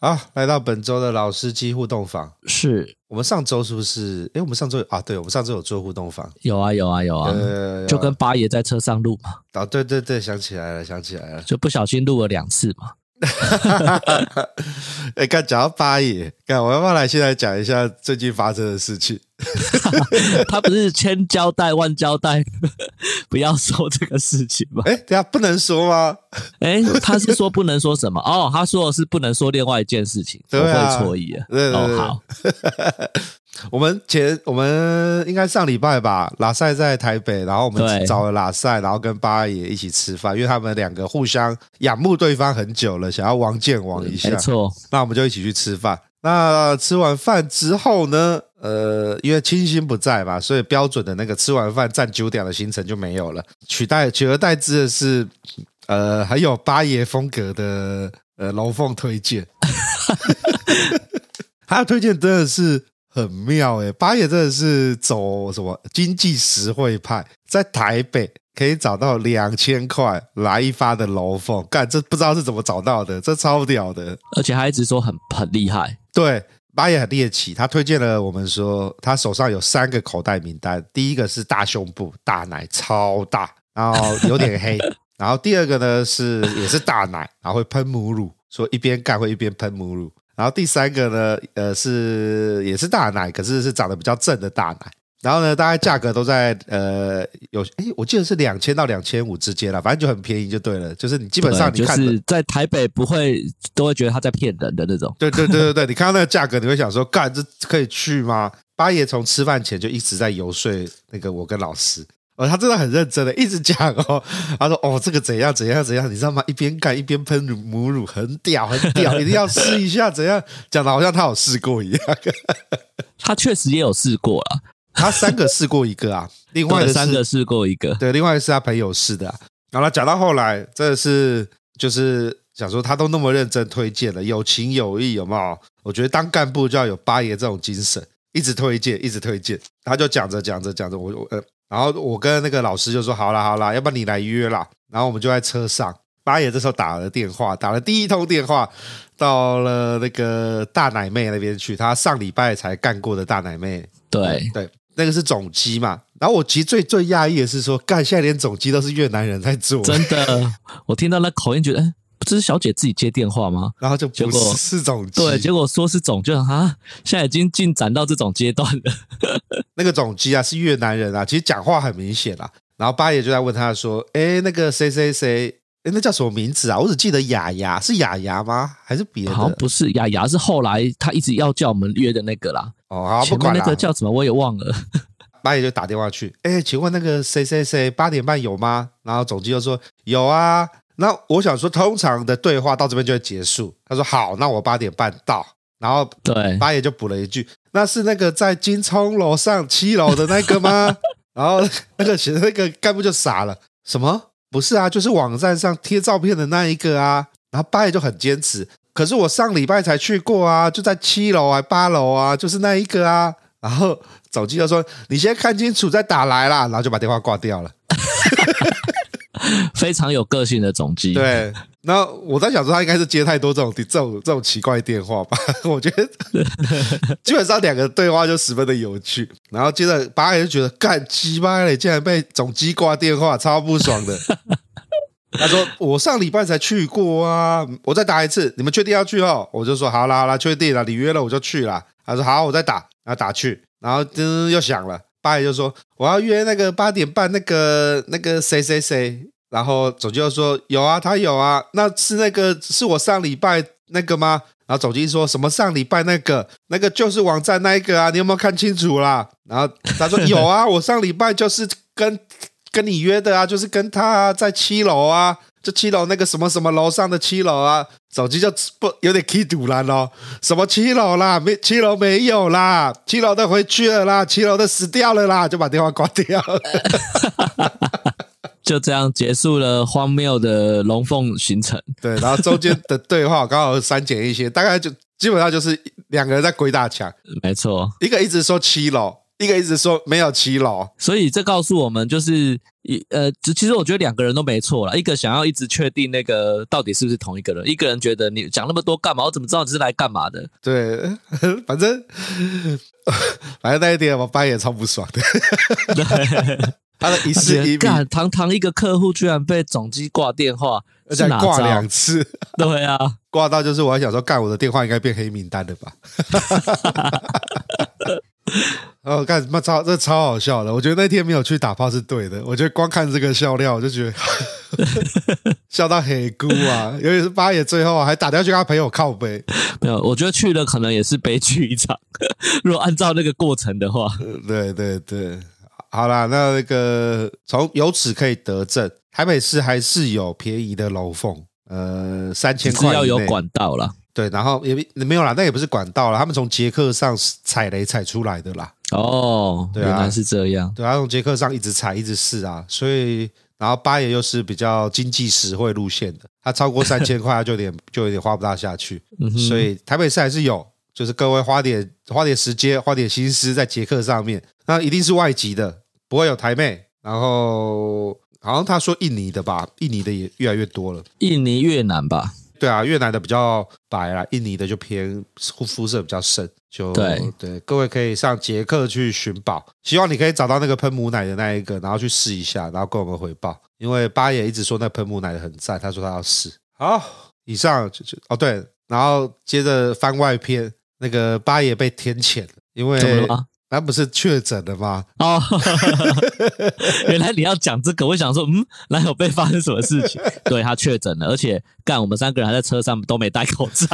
啊，來到本周的老司機互動房，是我們上周是不是？哎，我們上周啊，對，我們上周有做互動房，有啊，有啊，有啊，就跟八爺在車上錄嘛。啊，啊，啊，對對對，想起來了，想起來了，就不小心錄了兩次嘛。哎， 剛講到八爺，幹，我要不要來先來講一下最近發生的事情。 他不是千交代萬交代， 不要說這個事情嗎？哎、欸，等一下不能說嗎？哎、 欸，他是說不能說什麼？哦、oh,，他說的是不能說另外一件事情，不會錯意啊。意對對對，oh, 好我。我們前我們應該上禮拜吧，拉塞在台北，然後我們找了拉塞，然後跟八爺一起吃飯，對因為他們兩個互相仰慕對方很久了，想要王見王一下，沒錯錯。那我們就一起去吃飯。那吃完飯之後呢？呃，因為清新不在吧，所以標準的那個吃完飯站九點的行程就沒有了。取代取而代之的是，呃，很有八爺風格的呃樓鳳推薦。 他推薦真的是很妙誒，八爺真的是走什麼經濟實惠派，在台北可以找到兩千塊來一發的樓鳳，幹這不知道是怎麼找到的，這超屌的，而且他一直說很很厲害。對。八爺很獵奇，他推薦了我們說，他手上有三個口袋名單。第一個是大胸部、大奶超大，然後有點黑；然後第二個呢是也是大奶，然後會噴母乳，說一邊幹會一邊噴母乳；然後第三個呢，呃，是也是大奶，可是是長得比較正的大奶。然後呢，大概價格都在呃有哎，我記得是兩千到兩千五之間啦，反正就很便宜就對了。就是你基本上你看就是在台北不會都會覺得他在騙人的那種。對對對對對，你看到那個價格，你會想說幹這可以去嗎？八爺從吃飯前就一直在遊說那個我跟老師，哦，他真的很認真的，一直講哦，他說哦這個怎樣怎樣怎樣，你知道嗎？一邊幹一邊噴乳母乳，很屌很屌，一定要試一下 怎樣講得，好像他有試過一樣。他確實也有試過了啊。 他三個試過一個啊，另外對對三個試過一個，對，另外是他朋友試的，啊。然後他講到後來，這是就是想說他都那麼認真推薦了，有情有義有沒有？我覺得當幹部就要有八爺這種精神，一直推薦，一直推薦。他就講着講着講着，我我呃，然後我跟那個老師就說好了好了，要不然你來約啦。然後我們就在車上，八爺這時候打了電話，打了第一通電話到了那個大奶妹那邊去，他上禮拜才幹過的大奶妹，對對。嗯對那個是總機嘛，然後我其實最最訝異的是說，幹現在連總機都是越南人在做，真的，我聽到那口音覺得，哎，不是小姐自己接電話嗎？然後就不是結果，是總機，對，結果說是總，就哈，現在已經進展到這種階段了。 那個總機啊是越南人啊，其實講話很明顯啦、啊，然後八爺就在問他說，哎，那個誰誰誰。那叫什麼名字啊？我只記得雅雅是雅雅嗎？還是別的？好像不是雅雅，芽芽是後來他一直要叫我們約的那個啦。哦，好，不管那個叫什麼我也忘了。 八爺就打電話去，哎，請問那個誰誰誰八點半有嗎？然後總機又說有啊。那我想說，通常的對話到這邊就會結束。他說好，那我八點半到。然後對八爺就補了一句：“對那是那個在金蔥樓上七樓的那個嗎？” 然後那個其實那個幹部、那個、就傻了，什麼？不是啊，就是網站上貼照片的那一個啊。然後八爺就很堅持，可是我上禮拜才去過啊，就在七樓還八樓啊，就是那一個啊。然後總機就說：“你先看清楚再打來啦。”然後就把電話掛掉了。 非常有個性的總機，對，然後我在想說他應該是接太多這種這種這種奇怪的電話吧？我覺得 基本上兩個對話就十分的有趣。然後接着八爺就覺得幹雞掰咧，竟然被總機掛電話，超不爽的。他說：“我上禮拜才去過啊，我再打一次，你們確定要去哦？”我就說：“好啦，好啦，確定了，你約了我就去啦。”他說：“好，我再打。啊”然後打去，然後噔又響了。八爺就說：“我要約那個八點半，那個那個誰誰誰。”然後總機又說：“有啊，他有啊，那是那個是我上禮拜那個嗎？”然後總機說什麼“上禮拜那個，那個就是網站那一個啊，你有沒有看清楚啦？”然後他說：“ 有啊，我上禮拜就是跟跟你約的啊，就是跟他、啊、在七樓啊，就七樓那個什麼什麼樓上的七樓啊。”總機就不有點氣堵了咯，什麼七樓啦？沒七樓沒有啦，七樓都回去了啦，七樓都死掉了啦，就把電話掛掉了。 就這樣結束了荒謬的龍鳳行程。對，然後中間的對話剛好刪減一些， 大概就基本上就是兩個人在鬼打牆。沒錯，一個一直說七樓，一個一直說沒有七樓，所以這告訴我們就是一呃，其實我覺得兩個人都沒錯了。一個想要一直確定那個到底是不是同一個人，一個人覺得你講那麼多幹嘛？我怎麼知道你是來幹嘛的？對，反正反正那一點我班也超不爽的對。 他的一次一幹，堂堂一個客戶，居然被總機掛電話，而且掛兩次。對啊，掛到就是我還想說，幹我的電話應該變黑名單了吧？ 哦，幹什麼？超這超好笑的！我覺得那天沒有去打炮是對的。我覺得光看這個笑料，我就覺得笑，笑到很孤啊！尤其是八爺最後還打電話跟他朋友靠杯。沒有，我覺得去了可能也是悲劇一場。如果按照那個過程的話，對對對。好啦，那那個從由此可以得證，台北市還是有便宜的樓鳳。呃，三千塊是要有管道了。對，然後也沒有啦，那也不是管道啦，他們從捷克上踩雷踩出來的啦。哦，對啊，原來是這樣，對，他從捷克上一直踩，一直試啊，所以然後八爺又是比較經濟實惠路線的，他超過三千塊， 他就有點就有點花不大下去，嗯、哼所以台北市還是有。就是各位花點花點時間花點心思在傑克上面，那一定是外籍的，不會有台妹。然後好像他說印尼的吧，印尼的也越來越多了。印尼越南吧？對啊，越南的比較白啦，印尼的就偏膚色比較深。就對，對，各位可以上傑克去尋寶，希望你可以找到那個噴母奶的那一個，然後去試一下，然後跟我們回報。因為八爺一直說那噴母奶的很讚，他說他要試。好，以上就，就哦對，然後接着番外篇。那個八爺被天譴了，因為怎麼了？他不是確診了嗎？哦， 原來你要講這個，我想說，嗯，哪有？被發生什麼事情？ 對，他確診了，而且幹我們三個人還在車上都沒戴口罩。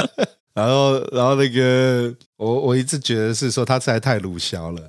然後，然後那個我我一直覺得是說他實在太盧小了，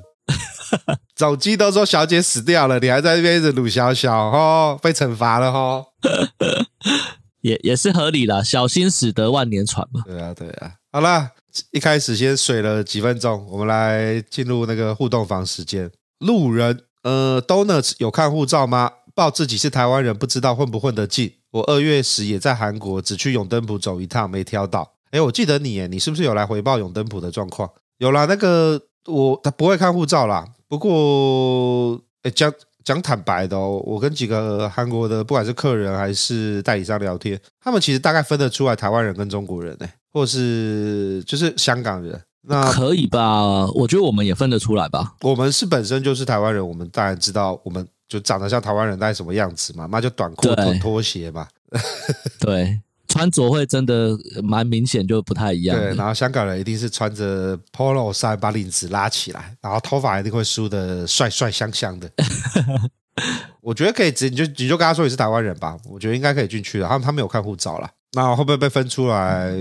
手機 都說小姐死掉了，你還在這邊一直盧小小，哈、哦，被懲罰了、哦，哈， 也也是合理的，小心駛得萬年船嘛。對啊，對啊，好了。一開始先水了幾分鐘，我們來進入那個互動房時間。路人，呃，Donuts 有看護照嗎？報自己是台灣人，不知道混不混得進。我二月十也在韓國，只去永登浦走一趟，沒挑到。誒，我記得你，哎，你是不是有來回報永登浦的狀況？有啦，那個我他不會看護照啦。不過，誒，講講坦白的，哦，我跟幾個韓國的，不管是客人還是代理商聊天，他們其實大概分得出來台灣人跟中國人誒，哎。或是就是香港人，那可以吧？我覺得我們也分得出來吧。我們是本身就是台灣人，我們當然知道我們就長得像台灣人大概什麼樣子嘛，那就短褲、短拖對鞋吧。 對，穿着會真的蠻明顯，就不太一樣。對，然後香港人一定是穿着 polo 衫，把領子拉起來，然後頭髮一定會梳的帥帥、香香的。 我覺得可以，你就你就跟他說你是台灣人吧。我覺得應該可以進去的。他他沒有看護照啦。那我會不會被分出來？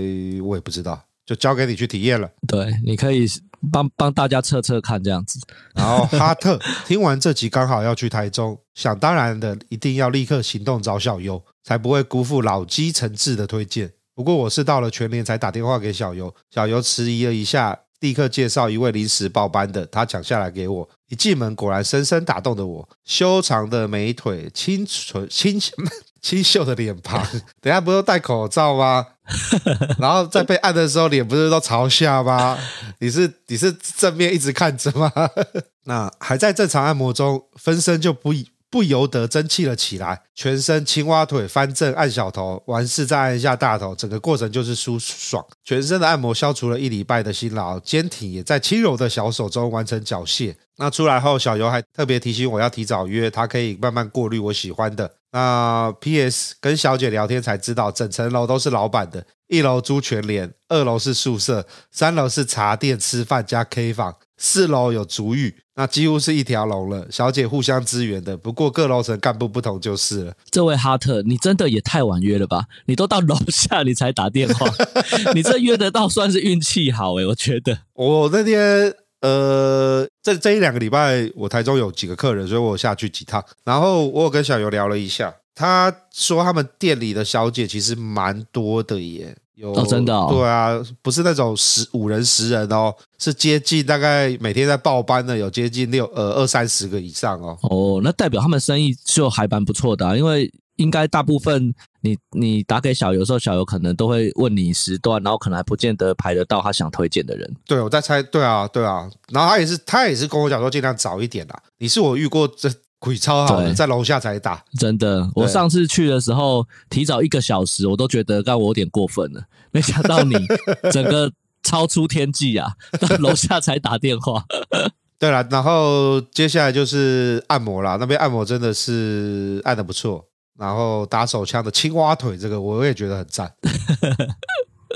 我也不知道，就交給你去體驗了。對，你可以幫幫大家測測看這樣子。然後哈特聽完這集，剛好要去台中，想當然的一定要立刻行動找小優，才不會辜負老基誠摯的推薦。不過我是到了全年才打電話給小優。小優遲疑了一下，立刻介紹一位臨時報班的，他搶下來給我。一進門，果然深深打動的我，修長的美腿，清純清清秀的臉龐，等一下不是都戴口罩嗎？ 然後在被按的時候，臉不是都朝下嗎？你是你是正面一直看着嗎？ 那還在正常按摩中，分身就不一。不由得爭氣了起來，全身青蛙腿翻正按小頭，完事再按一下大頭，整個過程就是舒爽。全身的按摩消除了一禮拜的辛勞，肩頸也在輕柔的小手中完成繳械。那出來後，小尤還特別提醒我要提早約他，可以慢慢過濾我喜歡的。那 P.S. 跟小姐聊天才知道，整層樓都是老板的，一樓租全聯，二樓是宿舍，三樓是茶店吃飯加 K 房，四樓有足浴。那幾乎是一條龍了，小姐互相支援的，不過各樓層幹部不同就是了。這位哈特，你真的也太晚約了吧？你都到樓下你才打電話， 你這約得到算是運氣好誒、欸、我覺得。我那天呃，這這一兩個禮拜，我台中有幾個客人，所以我下去幾趟，然後我有跟小尤聊了一下，他說他們店裡的小姐其實蠻多的耶。有、哦、真的、哦、對啊，不是那種十五人十人哦，是接近大概每天在報班的有接近六呃二三十個以上哦。哦，那代表他們生意就還蠻不錯的，啊，因為應該大部分你你打給小游的時候小游可能都會問你時段，然後可能還不見得排得到他想推薦的人。對，我在猜，對啊對啊，然後他也是他也是跟我講說儘量早一點啊。你是我遇過這。鬼超好，對在樓下才打，真的。我上次去的時候，對提早一個小時，我都覺得讓我有點過分了。沒想到你整個超出天際啊， 到樓下才打電話。對了、啊，然後接下來就是按摩啦，那邊按摩真的是按得不錯。然後打手槍的青蛙腿，這個我也覺得很讚。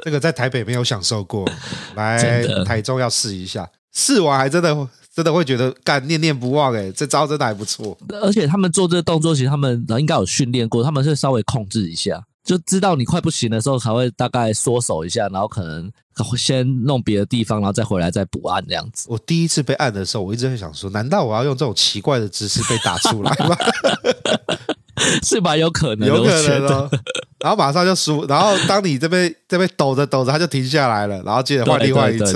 這個在台北沒有享受過，來的台中要試一下。試完還真的。真的會覺得幹，念念不忘哎，這招真的還不錯。而且他們做這個動作，其實他們應該有訓練過，他們是稍微控制一下，就知道你快不行的時候，才會大概縮手一下，然後可能先弄別的地方，然後再回來再補按這樣子。我第一次被按的時候，我一直會想說，難道我要用這種奇怪的姿勢被打出來嗎？ 是吧？有可能，有可能覺然後馬上就輸， 然後當你這邊這邊抖着抖着，他就停下來了，然後接着換另外一側。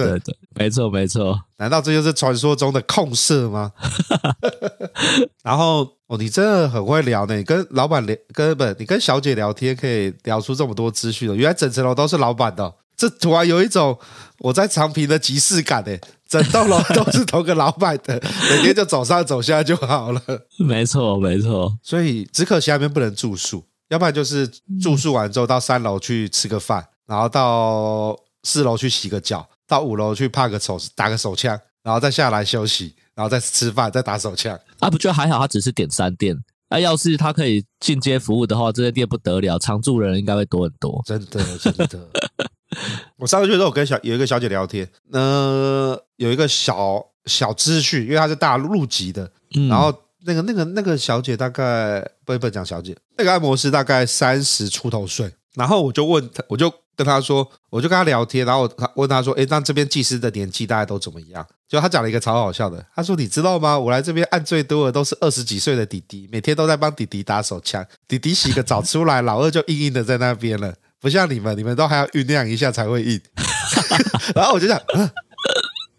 沒錯沒錯。難道這就是傳說中的控色嗎？ 然後哦，你真的很會聊呢。你跟老闆聊，根本你跟小姐聊天可以聊出這麼多資訊哦。原來整層樓都是老闆的，哦，這突然有一種我在長平的即視感呢。整棟樓都是同個老闆的，每天就走上走下就好了。沒錯，沒錯。所以只可惜那邊不能住宿，要不然就是住宿完之後到三樓去吃個飯，嗯、然後到四樓去洗個腳，到五樓去趴個手打個手槍，然後再下來休息，然後再吃飯再打手槍。啊，不就還好？他只是點三店。啊，要是他可以進階服務的話，這些店不得了，常住人應該會多很多。真的，真的。 我上個月的時候我跟小有一個小姐聊天，嗯、呃。有一個小小資訊，因為他是大陸籍的，嗯、然後那個那個那個小姐大概不不講小姐，那個按摩師大概三十出頭歲，然後我就問他，我就跟他說，我就跟他聊天，然後我問他說：“誒、欸、那這邊技師的年紀大概都怎麼樣？”就他講了一個超好笑的，他說：“你知道嗎？我來這邊按最多的都是二十幾歲的弟弟，每天都在幫弟弟打手槍，弟弟洗個澡出來， 老二就硬硬的在那邊了，不像你們，你們都還要醞釀一下才會硬。 ”然後我就想。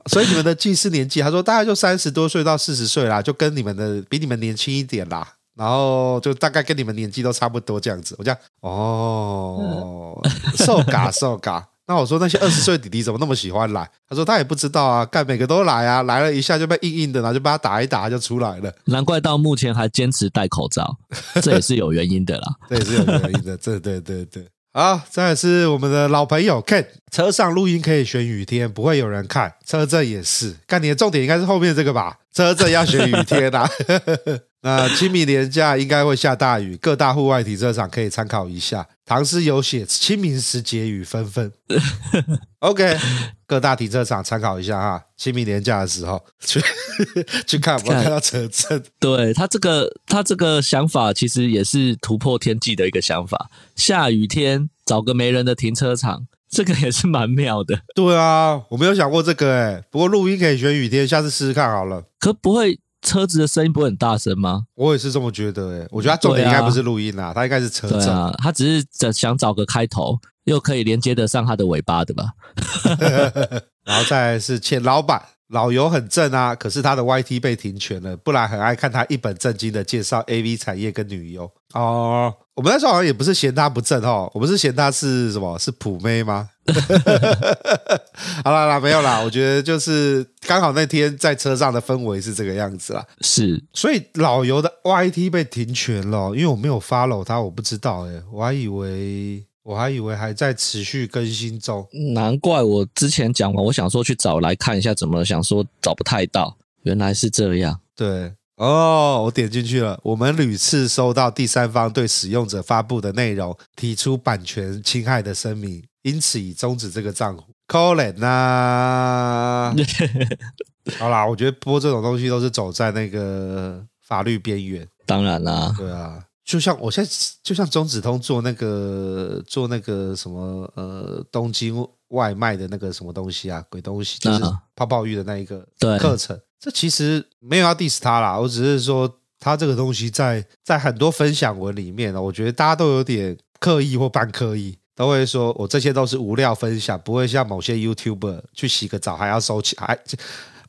所以你們的技師年紀，他說大概就三十多歲到四十歲啦，就跟你們的比你們年輕一點啦，然後就大概跟你們年紀都差不多這樣子。我這樣，哦，瘦嘎瘦嘎。那我說那些二十歲的弟弟怎麼那麼喜歡來？他說他也不知道啊，幹每個都來啊，來了一下就被硬硬的，然後就把他打一打就出來了。難怪到目前還堅持戴口罩， 這也是有原因的啦 這。這也是有原因的，這對對對，對。好、啊，這也是我們的老朋友 K。Ken 車上錄音可以選雨天，不會有人看。車震也是，看你的重點應該是後面這個吧？車震要選雨天呵、啊。 呃，清明連假應該會下大雨，各大戶外停車場可以參考一下。唐詩有寫“清明時節雨紛紛 ”，OK，各大停車場參考一下哈。清明連假的時候去 去看，有沒有看到車震？對，他這個，他這個想法其實也是突破天際的一個想法。下雨天找個沒人的停車場，這個也是蠻妙的。對啊，我沒有想過這個誒、欸，不過錄音可以選雨天，下次試試看好了。可不會。車子的聲音不會很大聲嗎？我也是這麼覺得誒、欸，我覺得他重點應該不是錄音啦、啊，啊、他應該是車子啊，他只是想想找個開頭，又可以連接得上他的尾巴的吧， 然後再來是欠老闆。老油很正啊，可是他的 YT 被停權了，不然很愛看他一本正經的介紹 AV 產業跟女優哦。Uh, 我們那時候好像也不是嫌他不正哦，我們是嫌他是什麼？是普妹嗎？ 好啦啦，沒有啦，我覺得就是剛好那天在車上的氛圍是這個樣子啦。是，所以老油的 YT 被停權了，因為我沒有 follow 他，我不知道哎、欸，我還以為。我還以為還在持續更新中，難怪我之前講完，我想說去找來看一下怎麼，想說找不太到，原來是這樣對。對哦，我點進去了。我們屢次收到第三方對使用者發布的內容提出版權侵害的聲明，因此已終止這個賬戶。Colin 吶， 好啦，我覺得播這種東西都是走在那個法律邊緣。當然啦，啊，對啊。就像我現在，就像鍾子通做那個做那個什麼呃，東京外賣的那個什麼東西啊，鬼東西，就是泡泡浴的那一個課程。這其實沒有要 diss 他啦，我只是說他這個東西在在很多分享文裡面呢，我覺得大家都有點刻意或半刻意，都會說我這些都是無料分享，不會像某些 YouTuber 去洗個澡還要收錢，還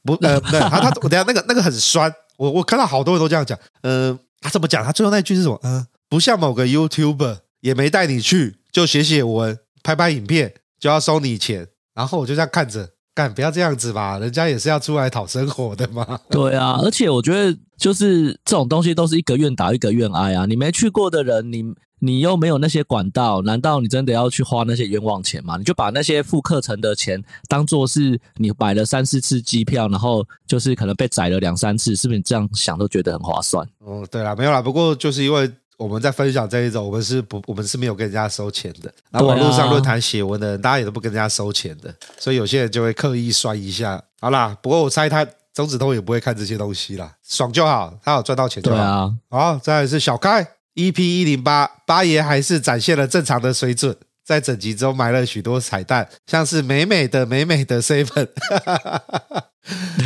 不不對，呃，他等下那個那個很酸，我我看到好多人都這樣講，嗯。他怎麼講？他最後那句是什麼？嗯，不像某個 YouTuber，也沒帶你去，就寫寫文，拍拍影片，就要收你錢。然後我就這樣看着，幹，不要這樣子吧，人家也是要出來討生活的嘛。對啊，而且我覺得就是這種東西都是一個願打一個願挨啊，你沒去過的人，你。你又沒有那些管道，難道你真的要去花那些冤枉錢嗎？你就把那些付課程的錢當做是你買了三四次機票，然後就是可能被宰了兩三次，是不是你這樣想都覺得很划算？哦，對啦，沒有啦，不過就是因為我們在分享這一種，我們是不，我們是沒有跟人家收錢的。那網絡上論壇寫文的人，啊、大家也都不跟人家收錢的，所以有些人就會刻意酸一下。好啦，不過我猜他周子通也不會看這些東西啦，爽就好，他有賺到錢就好，對啊。好，再來是小開，EP108，八爺還是展現了正常的水準，在整集中埋了許多彩蛋，像是美美的美美的 Seven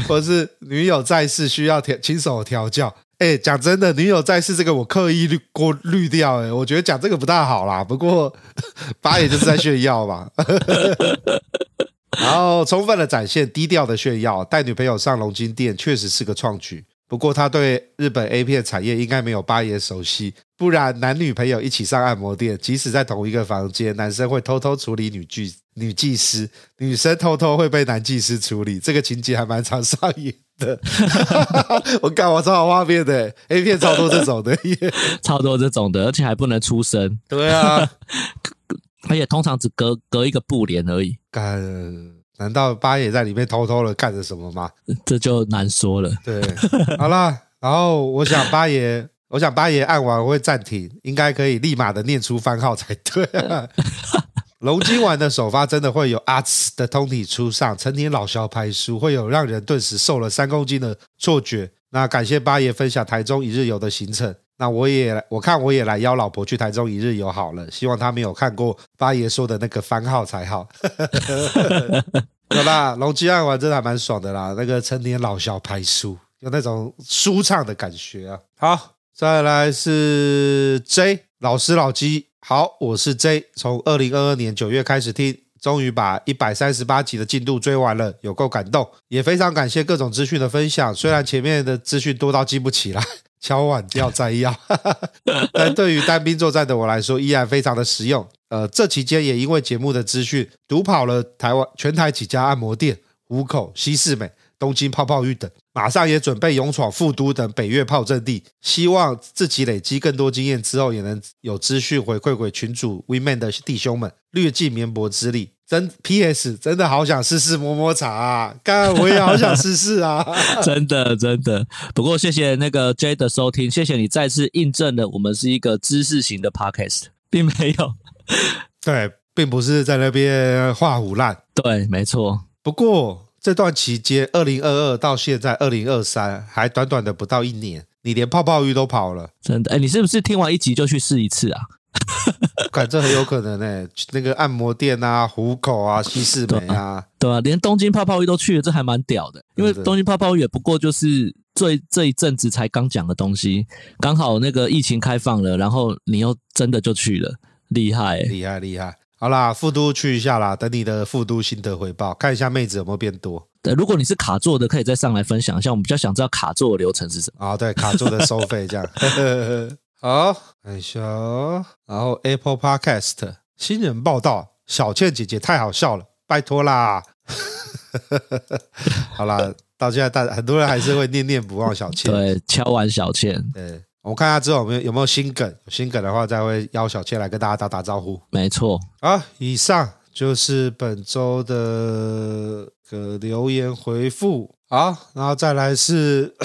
或者是女友在世需要調親手調教。哎，講真的，女友在世這個我刻意濾過濾掉。哎，我覺得講這個不太好啦。不過八爺就是在炫耀嘛， 然後充分的展現低調的炫耀，帶女朋友上龍金店確實是個創舉。不過他對日本 A 片產業應該沒有八爺熟悉，不然男女朋友一起上按摩店，即使在同一個房間，男生會偷偷處理女技女技師，女生偷偷會被男技師處理，這個情節還蠻常上演的。 我看我超有畫面的 A 片超多這種的耶，超多這種的，而且還不能出聲。對啊，他也 通常只隔隔一個布簾而已。幹。難道八爺在裡面偷偷的幹着什麼嗎？這就難說了。對，好啦。 然後我想八爺，我想八爺按完會暫停，應該可以立馬的念出番號才對啊。 龍今晚的首發真的會有阿慈的通體出上，成年老小拍書會有讓人頓時瘦了三公斤的錯覺。那感謝八爺分享台中一日遊的行程。那我也，我看我也來邀老婆去台中一日遊好了，希望他沒有看過八爺說的那個番號才好。有啦，龍基案玩真的還蠻爽的啦，那個成年老小排書有那種舒暢的感覺啊。 好，再來是 J 老師老雞，好，我是 J，從二零二二年九月開始聽，終於把一百三十八集的進度追完了，有夠感動，也非常感謝各種資訊的分享，雖然前面的資訊多到記不起啦 敲碗掉摘要，但對於單兵作戰的我來說，依然非常的實用。呃，這期間也因為節目的資訊，獨跑了台灣全台幾家按摩店，虎口、西四美、東京泡泡浴等，馬上也準備勇闖富都等北越炮陣地，希望自己累積更多經驗之後，也能有資訊回饋給群主 Women 的弟兄們，略盡綿薄之力。真 P.S. 真的好想試試摸摸茶啊，剛剛我也好想試試啊！ 真的真的，不過謝謝那個 J 的收聽，謝謝你再次印證了我們是一個知識型的 Podcast，並沒有，對，並不是在那邊畫虎爛，對，沒錯。不過這段期間，二零二二到現在二零二三，還短短的不到一年，你連泡泡浴都跑了，真的？哎、欸，你是不是聽完一集就去試一次啊？哈， 這很有可能呢。欸，那個按摩店啊，虎口啊，西式門啊，啊，對吧、啊？連東京泡泡浴都去了，這還蠻屌的。因為東京泡泡浴也不過就是最這一陣子才剛講的東西，剛好那個疫情開放了，然後你又真的就去了，厲害、欸、害，厲害，厲害。好啦，副都去一下啦，等你的副都心得回報，看一下妹子有沒有變多。對，如果你是卡座的，可以再上來分享一下，我們比較想知道卡座的流程是什麼啊？對，卡座的收費這樣。 好，看一下，然後 Apple Podcast 新人報道，小倩姐姐太好笑了，拜託啦！ 好啦， 到現在大很多人還是會念念不忘小倩。對，敲完小倩，對，我們看下之後有沒有新梗，有新梗的話再會邀小倩來跟大家打打招呼。沒錯，啊，以上就是本週的個留言回復，好，然後再來是。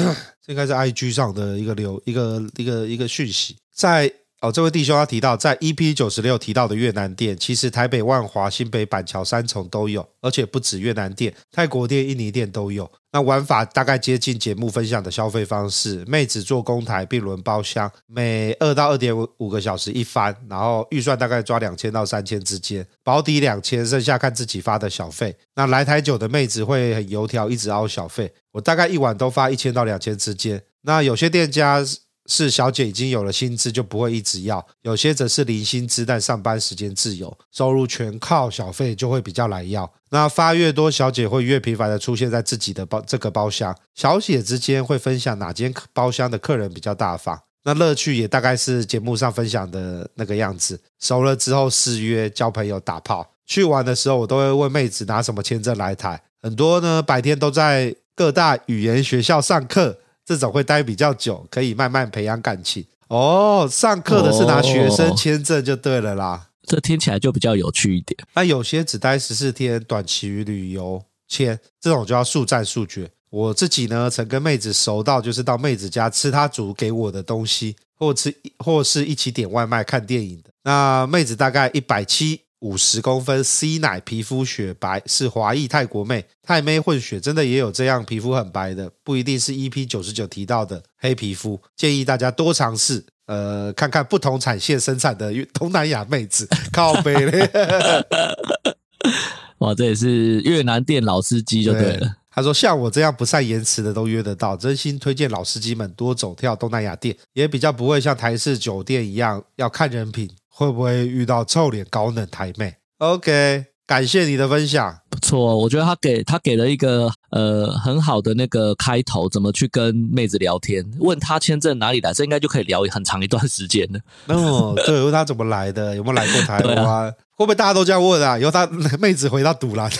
應該是 IG 上的一個流，一個一個一個訊息，在。哦，這位弟兄要提到，在 EP 九十六提到的越南店，其實台北萬華、新北、板橋、三重都有，而且不止越南店，泰國店、印尼店都有。那玩法大概接近節目分享的消費方式，妹子坐公台並輪包廂，每二到二點五個小時一翻，然後預算大概抓兩千到三千之間，保底兩千，剩下看自己發的小費。那來台久的妹子會很油條，一直凹小費，我大概一晚都發一千到兩千之間。那有些店家是小姐已經有了薪資，就不會一直要；有些則是零薪資，但上班時間自由，收入全靠小費，就會比較來要。那發越多，小姐會越頻繁地出現在自己的包，這個包廂。小姐之間會分享哪間包廂的客人比較大方，那樂趣也大概是節目上分享的那個樣子。熟了之後私約交朋友打炮，去玩的時候我都會問妹子拿什麼簽證來台，很多呢白天都在各大語言學校上課。這種會待比較久，可以慢慢培養感情。哦，上課的是拿學生簽證就對了啦。哦，這聽起來就比較有趣一點。那有些只待十四天，短期旅遊簽，這種就要速戰速決。我自己呢，曾跟妹子熟到就是到妹子家吃她煮給我的東西，或吃或是一起點外賣看電影的。那妹子大概一百七。五十公分，C 奶，皮膚雪白，是華裔泰國妹，泰妹混血，真的也有這樣皮膚很白的，不一定是 EP 九十九提到的黑皮膚。建議大家多嘗試，呃，看看不同產線生產的東南亞妹子。靠北嘞， 哇，這也是越南店老司機就對了。對，他說，像我這樣不善言辭的都約得到，真心推薦老司機們多走跳東南亞店，也比較不會像台式酒店一樣要看人品。會不會遇到臭臉高冷台妹？OK，感謝你的分享，不錯。我覺得他給他給了一個呃很好的那個開頭，怎麼去跟妹子聊天？問他簽證哪里來，這應該就可以聊很長一段時間了。嗯、哦，對，問 他怎麼來的，有沒有來過台灣、啊？啊、會不會大家都這樣問啊？有他妹子回答賭了？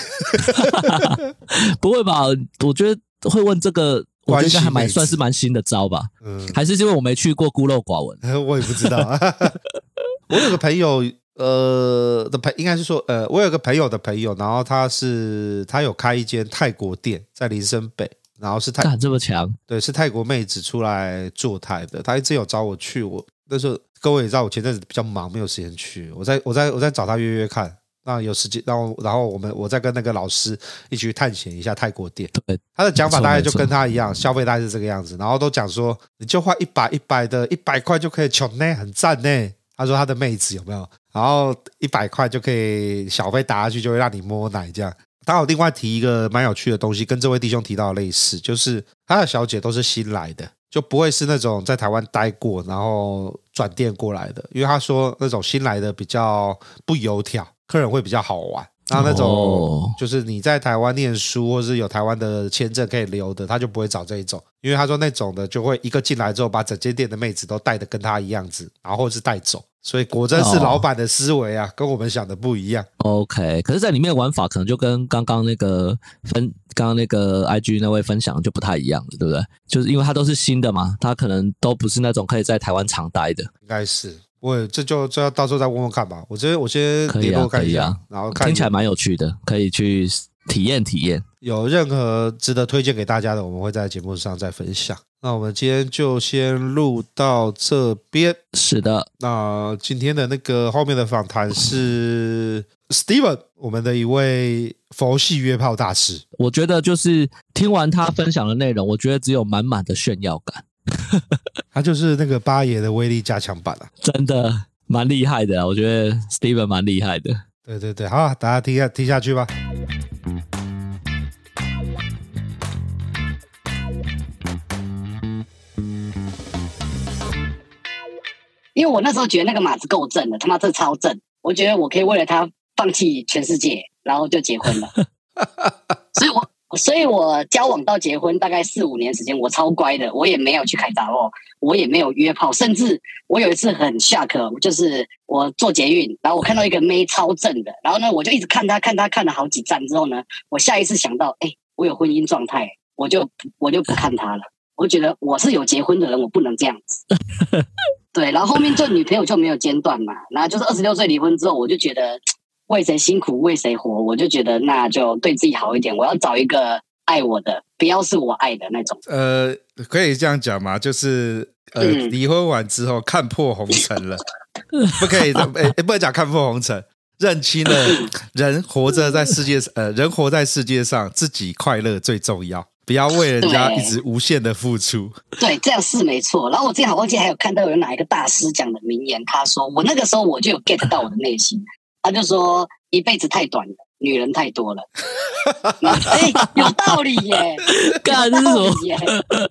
不會吧？我覺得會問這個，我覺得還蠻算是蠻新的招吧。嗯，還是因為我沒去過肉，孤陋寡聞。我也不知道啊。 我有個朋友，呃，的朋應該是說，呃，我有個朋友的朋友，然後他是他有開一間泰國店在林森北，然後是泰這，這麼強，對，是泰國妹子出來坐台的，他一直有找我去，我那時候各位也知道，我前陣子比較忙，沒有時間去，我再我再我再找他約約看，那有時間，然後然後我們我再跟那個老師一起去探險一下泰國店，對，他的講法大概就跟他一樣，沒錯，消費大概是這個樣子，嗯、然後都講說，你就花一百一百的，一百塊就可以窮呢，很讚呢。他說他的妹子有沒有？然後一百塊就可以小費打下去，就會讓你摸奶這樣。他有另外提一個蠻有趣的東西，跟這位弟兄提到的類似，就是他的小姐都是新來的，就不會是那種在台灣待過，然後轉店過來的，因為他說那種新來的比較不油條，客人會比較好玩。那那種就是你在台灣念書，或是有台灣的簽證可以留的，他就不會找這一種，因為他說那種的就會一個進來之後，把整間店的妹子都帶的跟他一樣子，然後或是帶走。所以果真是老闆的思維啊，跟我們想的不一樣。OK，可是，在裡面的玩法可能就跟剛剛那個分，剛剛那個 IG 那位分享就不太一樣了，對不對？就是因為他都是新的嘛，他可能都不是那種可以在台灣常待的，應該是。我這就這，到時候再問問看吧。我覺得我先聯絡看一下，可以啊，可以啊、然後看聽起來蠻有趣的，可以去體驗體驗。有任何值得推薦給大家的，我們會在節目上再分享。那我們今天就先錄到這邊。是的，那今天的那個後面的訪談是 Steven，我們的一位佛系約炮大師。我覺得就是聽完他分享的內容，我覺得只有滿滿的炫耀感。 他就是那個八爺的威力加強版啊！真的蠻厲害的、啊，我覺得 Steven 蠻厲害的。對對對，好、啊，大家聽下聽下去吧。因為我那時候覺得那個馬子夠正的，他媽這超正，我覺得我可以為了他放棄全世界，然後就結婚了。 所以我。所以我交往到結婚大概四五年時間，我超乖的，我也沒有去開查某，我也沒有約炮，甚至我有一次很下課，就是我坐捷運，然後我看到一個妹超正的，然後呢我就一直看她看她看了好幾站之後呢，我下一次想到，哎、欸，我有婚姻狀態，我就我就不看她了，我覺得我是有結婚的人，我不能這樣子。 對，然後後面做女朋友就沒有間斷嘛，然後就是二十六歲離婚之後，我就覺得。為誰辛苦為誰活？我就覺得那就對自己好一點。我要找一個愛我的，不要是我愛的那種。呃，可以這樣講嘛，就是呃，嗯、離婚完之後看破紅塵了， 不可以的。哎，不能講看破紅塵，認清了人活着在世界，呃，人活在世界上，自己快樂最重要，不要為人家一直無限的付出。對，對，這樣是沒錯。然後我最好忘記，還有看到有哪一個大師講的名言，他說我那個時候我就有 get 到我的內心。 他就說：“一輩子太短了，女人太多了。” 哎，有道理耶！幹什麼？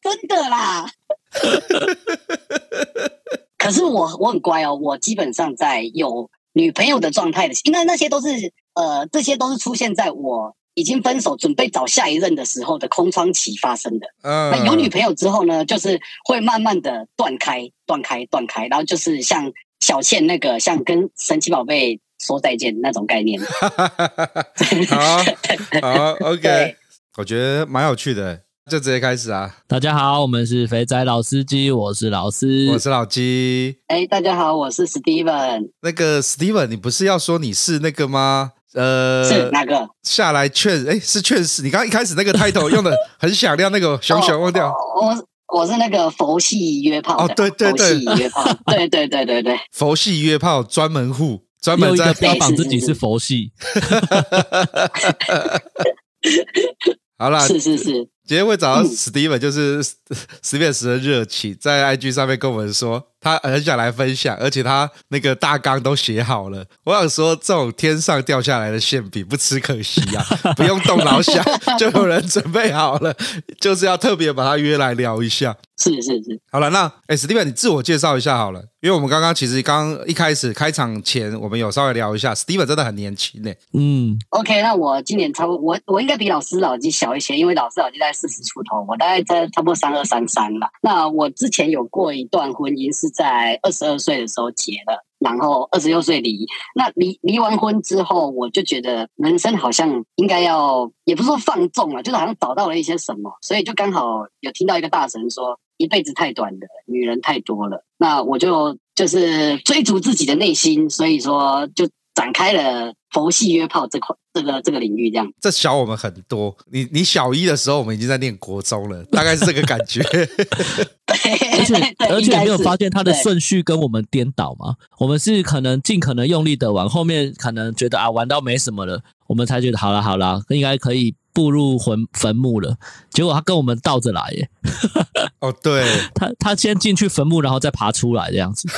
真的啦！ 可是我我很乖哦，我基本上在有女朋友的狀態，因為那，那些都是呃，這些都是出現在我已經分手、準備找下一任的時候的空窗期發生的。嗯，那有女朋友之後呢，就是會慢慢的斷開、斷開、斷開，斷開，然後就是像。小倩那個像跟神奇寶貝說再見那種概念。哈哈哈哈哈，好，OK，對我覺得蠻有趣的，就直接開始啊！大家好，我們是肥仔老司機，我是老司，我是老雞。哎、欸，大家好，我是 Steven。那個 Steven，你不是要說你是那個嗎？呃，是哪個？下來勸，哎、欸，是勸是？你剛剛一開始那個 title 用的很響亮，亮，那個熊熊忘掉。哦。我是那個佛系約炮的哦，對對對，對對對對對，佛系約炮專門戶，專門戶，又專門在標榜自己是佛系。好啦，是是是。今天會找到 Steven，就是 Steven 的熱情，在 IG 上面跟我們說，他很想來分享，而且他那個大綱都寫好了。我想說，這種天上掉下來的餡餅不吃可惜啊，不用動腦想，就有人準備好了，就是要特別把他約來聊一下。是是是，好了，那哎，Steven、欸、你自我介紹一下好了，因為我們剛剛其實剛一開始開場前，我們有稍微聊一下。Steven 真的很年輕呢、欸。嗯，OK，那我今年差不多，我我應該比老師老紀小一些，因為老師老紀在四十出頭，我大概在差不多三二三三吧。那我之前有過一段婚姻，是在二十二歲的時候結的，然後二十六歲離。那離離完婚之後，我就覺得人生好像應該要，也不是說放縱了，就是好像找到了一些什麼，所以就剛好有聽到一個大神說。一輩子太短的，女人太多了，那我就就是追逐自己的內心，所以說就展開了佛系約炮這塊、這個、這個這個領域，這樣。這小我們很多，你你小一的時候我們已經在念國中了， 大概是這個感覺。而且對而且你沒有發現他的順序跟我們顛倒嗎？對我們是可能盡可能用力的玩，對後面可能覺得啊玩到沒什麼了，我們才覺得好了好了，應該可以。步入墳墳墓了，結果他跟我們倒着來耶。哦 ，oh, 對，他他先進去墳墓，然後再爬出來這樣子，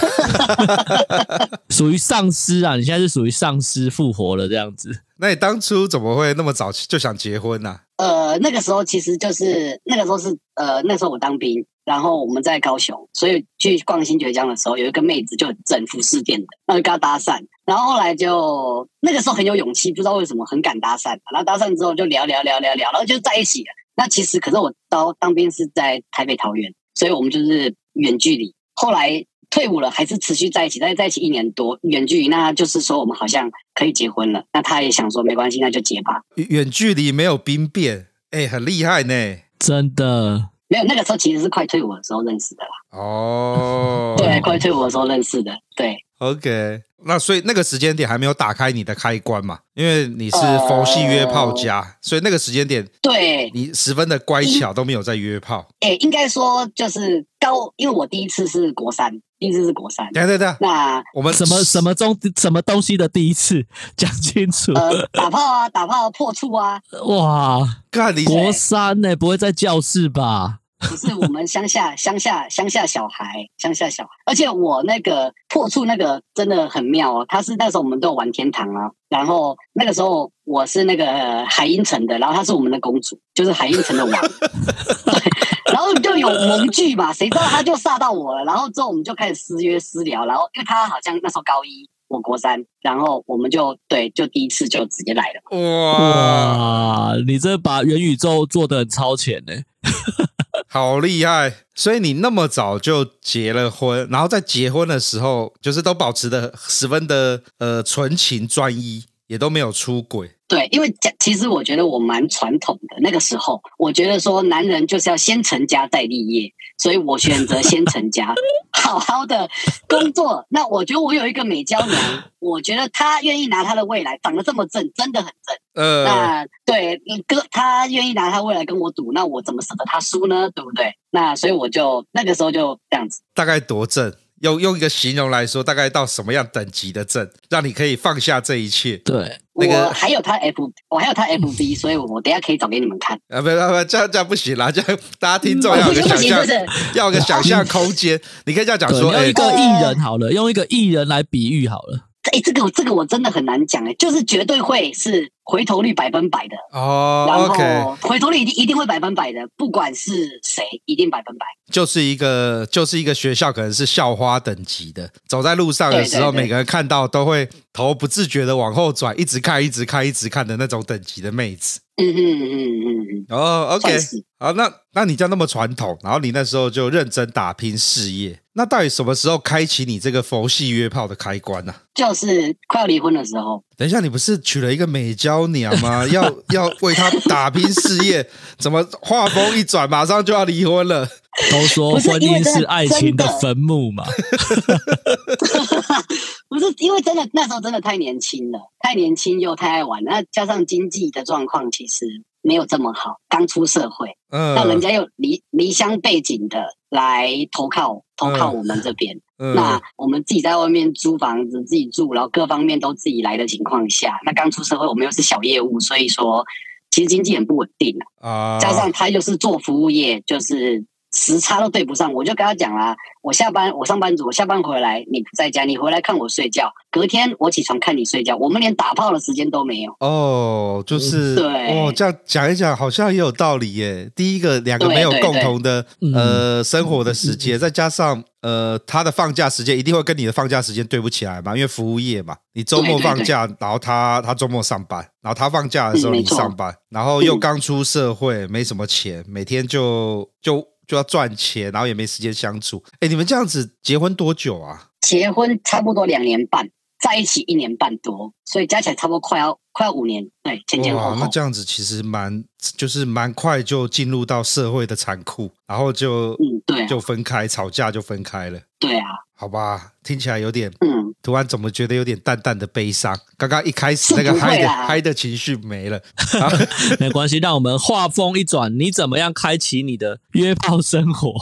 屬於喪屍啊！你現在是屬於喪屍復活了這樣子。那你當初怎麼會那麼早就想結婚呢、啊？呃，那個時候其實就是那個時候是呃那時候我當兵，然後我們在高雄，所以去逛新崛江的時候，有一個妹子就整服飾店的，那就跟她搭訕。然後後來就那個時候很有勇氣，不知道為什麼很敢搭訕。然後搭訕之後就聊聊聊聊聊，然後就在一起了。那其實可是我到當當兵是在台北桃園，所以我們就是遠距離。後來退伍了還是持續在一起，在在一起一年多，遠距離，那他就是說我們好像可以結婚了。那他也想說沒關係，那就結吧。遠距離沒有兵變，哎，很厲害呢，真的沒有。那個時候其實是快退伍的時候認識的啦。哦，oh. 對，快退伍的時候認識的，對，OK。那所以那個時間點還沒有打開你的開關嘛？因為你是佛系約炮家，呃、所以那個時間點對你十分的乖巧，因都沒有在約炮。誒、欸，應該說就是高，因為我第一次是國三，第一次是國三。對對對，那我們什麼什麼中什麼東西的第一次講清楚、呃？打炮啊，打炮破處啊！哇，幹你國三呢、欸？不會在教室吧？ 不是，我們鄉下鄉下鄉下小孩，鄉下小孩，而且我那個破處那個真的很妙哦。他是那時候我們都有玩天堂啊，然後那個時候我是那個、呃、海英城的，然後他是我們的公主，就是海英城的王， 對，然後就有盟聚嘛，誰知道他就煞到我了，然後之後我們就開始私約私聊，然後因為他好像那時候高一，我國三，然後我們就對，就第一次就直接來了。哇，嗯、你這把元宇宙做得很超前呢，欸。 好厲害！所以你那麼早就結了婚，然後在結婚的時候，就是都保持的十分的呃純情專一，也都沒有出軌。對，因為講，其實我覺得我蠻傳統的。那個時候，我覺得說男人就是要先成家再立業，所以我選擇先成家，好好的工作。 那我覺得我有一個美嬌娘， 我覺得她願意拿她的未來，長得這麼正，真的很正。嗯、呃。那對，你哥，她願意拿她未來跟我賭，那我怎麼捨得她輸呢？對不對？那所以我就那個時候就這樣子。大概多正？用用一個形容來說大概到什麼樣等級的證，讓你可以放下這一切？對，那個還有他 F，我還有他 FB 所以我我等下可以找給你們看。啊，不不不，這樣這樣不行啦，這樣大家聽眾要、嗯、有個想象空間， 你可以這樣講對說，用一個藝人好了，哦、用一個藝人來比喻好了。哎，這個這個我真的很難講哎，就是絕對會是回頭率百分百的哦，OK，回頭率一定一定會百分百的，不管是誰，一定百分百。就是一個就是一個學校可能是校花等級的，走在路上的時候，對對對每個人看到都會頭不自覺的往後轉，一直看，一直看，一直看，一直看的那種等級的妹子。嗯哼嗯嗯嗯嗯。哦，OK，是好，那那你家那麼傳統，然後你那時候就認真打拼事業。那到底什麼時候開啟你這個佛系約炮的開關呢、啊？就是快要離婚的時候。等一下，你不是娶了一個美嬌娘嗎？ 要要為她打拼事業， 怎麼畫風一轉， 馬上就要離婚了？都說婚姻是愛情的墳墓嘛。不是因為真的，真的， 不是因為真的那時候真的太年輕了，太年輕又太愛玩，那加上經濟的狀況，其實。沒有這麼好，剛出社會，嗯、那人家又離離鄉背井的來投靠投靠我們這邊，嗯嗯、那我們自己在外面租房子自己住，然後各方面都自己來的情況下，那剛出社會我們又是小業務，所以說其實經濟很不穩定啊，啊加上他又是做服務業，就是。時差都對不上，我就跟他講啦。我下班，我上班族，我下班回來你不在家，你回來看我睡覺。隔天我起床看你睡覺，我們連打炮的時間都沒有。哦，就是、嗯、對哦，這樣講一講好像也有道理耶。第一個，兩個沒有共同的對對對呃生活的時間，再加上呃他的放假時間一定會跟你的放假時間對不起來嘛，因為服務業嘛，你周末放假，對對對然後他他周末上班，然後他放假的時候你上班，嗯、然後又剛出社會，嗯、沒什麼錢，每天就就。就要賺錢，然後也沒時間相處。哎、欸，你們這樣子結婚多久啊？結婚差不多兩年半，嗯、在一起一年半多，所以加起來差不多快要快要五年。對，前前後後。那這樣子其實蠻，就是蠻快就進入到社會的殘酷，然後就、嗯、對、啊，就分開，吵架就分開了。對啊。好吧，聽起來有點嗯。突然怎麼覺得有點淡淡的悲傷？剛剛一開始那個嗨的、啊、嗨的情緒沒了，啊、沒關係。 讓我們畫風一轉，你怎麼樣開啟你的約炮生活？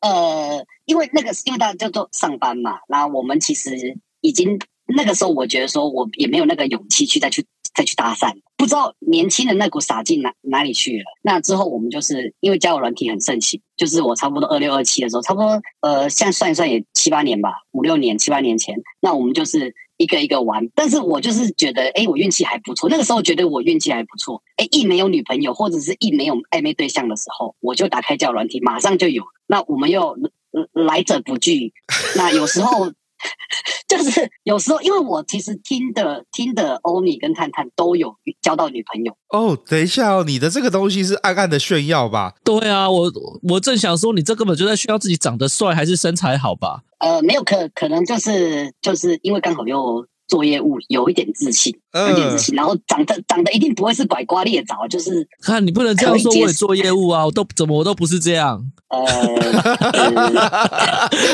嗯、呃，因為那個，因為大家都上班嘛，然後我們其實已經那個時候，我覺得說我也沒有那個勇氣去再去再去搭訕，不知道年輕的那股傻勁哪哪裡去了。那之後我們就是因為交友軟體很盛行。就是我差不多二六二七的時候，差不多呃，現在算一算也七八年吧，五六年、七八年前，那我們就是一個一個玩。但是我就是覺得，哎、欸，我運氣還不錯。那個時候覺得我運氣還不錯，哎、欸，一沒有女朋友，或者是一沒有曖昧對象的時候，我就打開交友軟體，馬上就有。那我們又來者不拒。那有時候。 就是有時候，因為我其實聽的聽的歐米跟探探都有交到女朋友。哦，等一下哦，你的這個東西是暗暗的炫耀吧？對啊，我我正想說，你這根本就在炫耀自己長得帥還是身材好吧？呃，沒有，可，可能就是就是因為剛好又。做業務有一點自信，有點自信，然後長得長得一定不會是拐瓜裂棗，就是看你不能這樣說。我也做業務啊，我都怎麼我都不是這樣。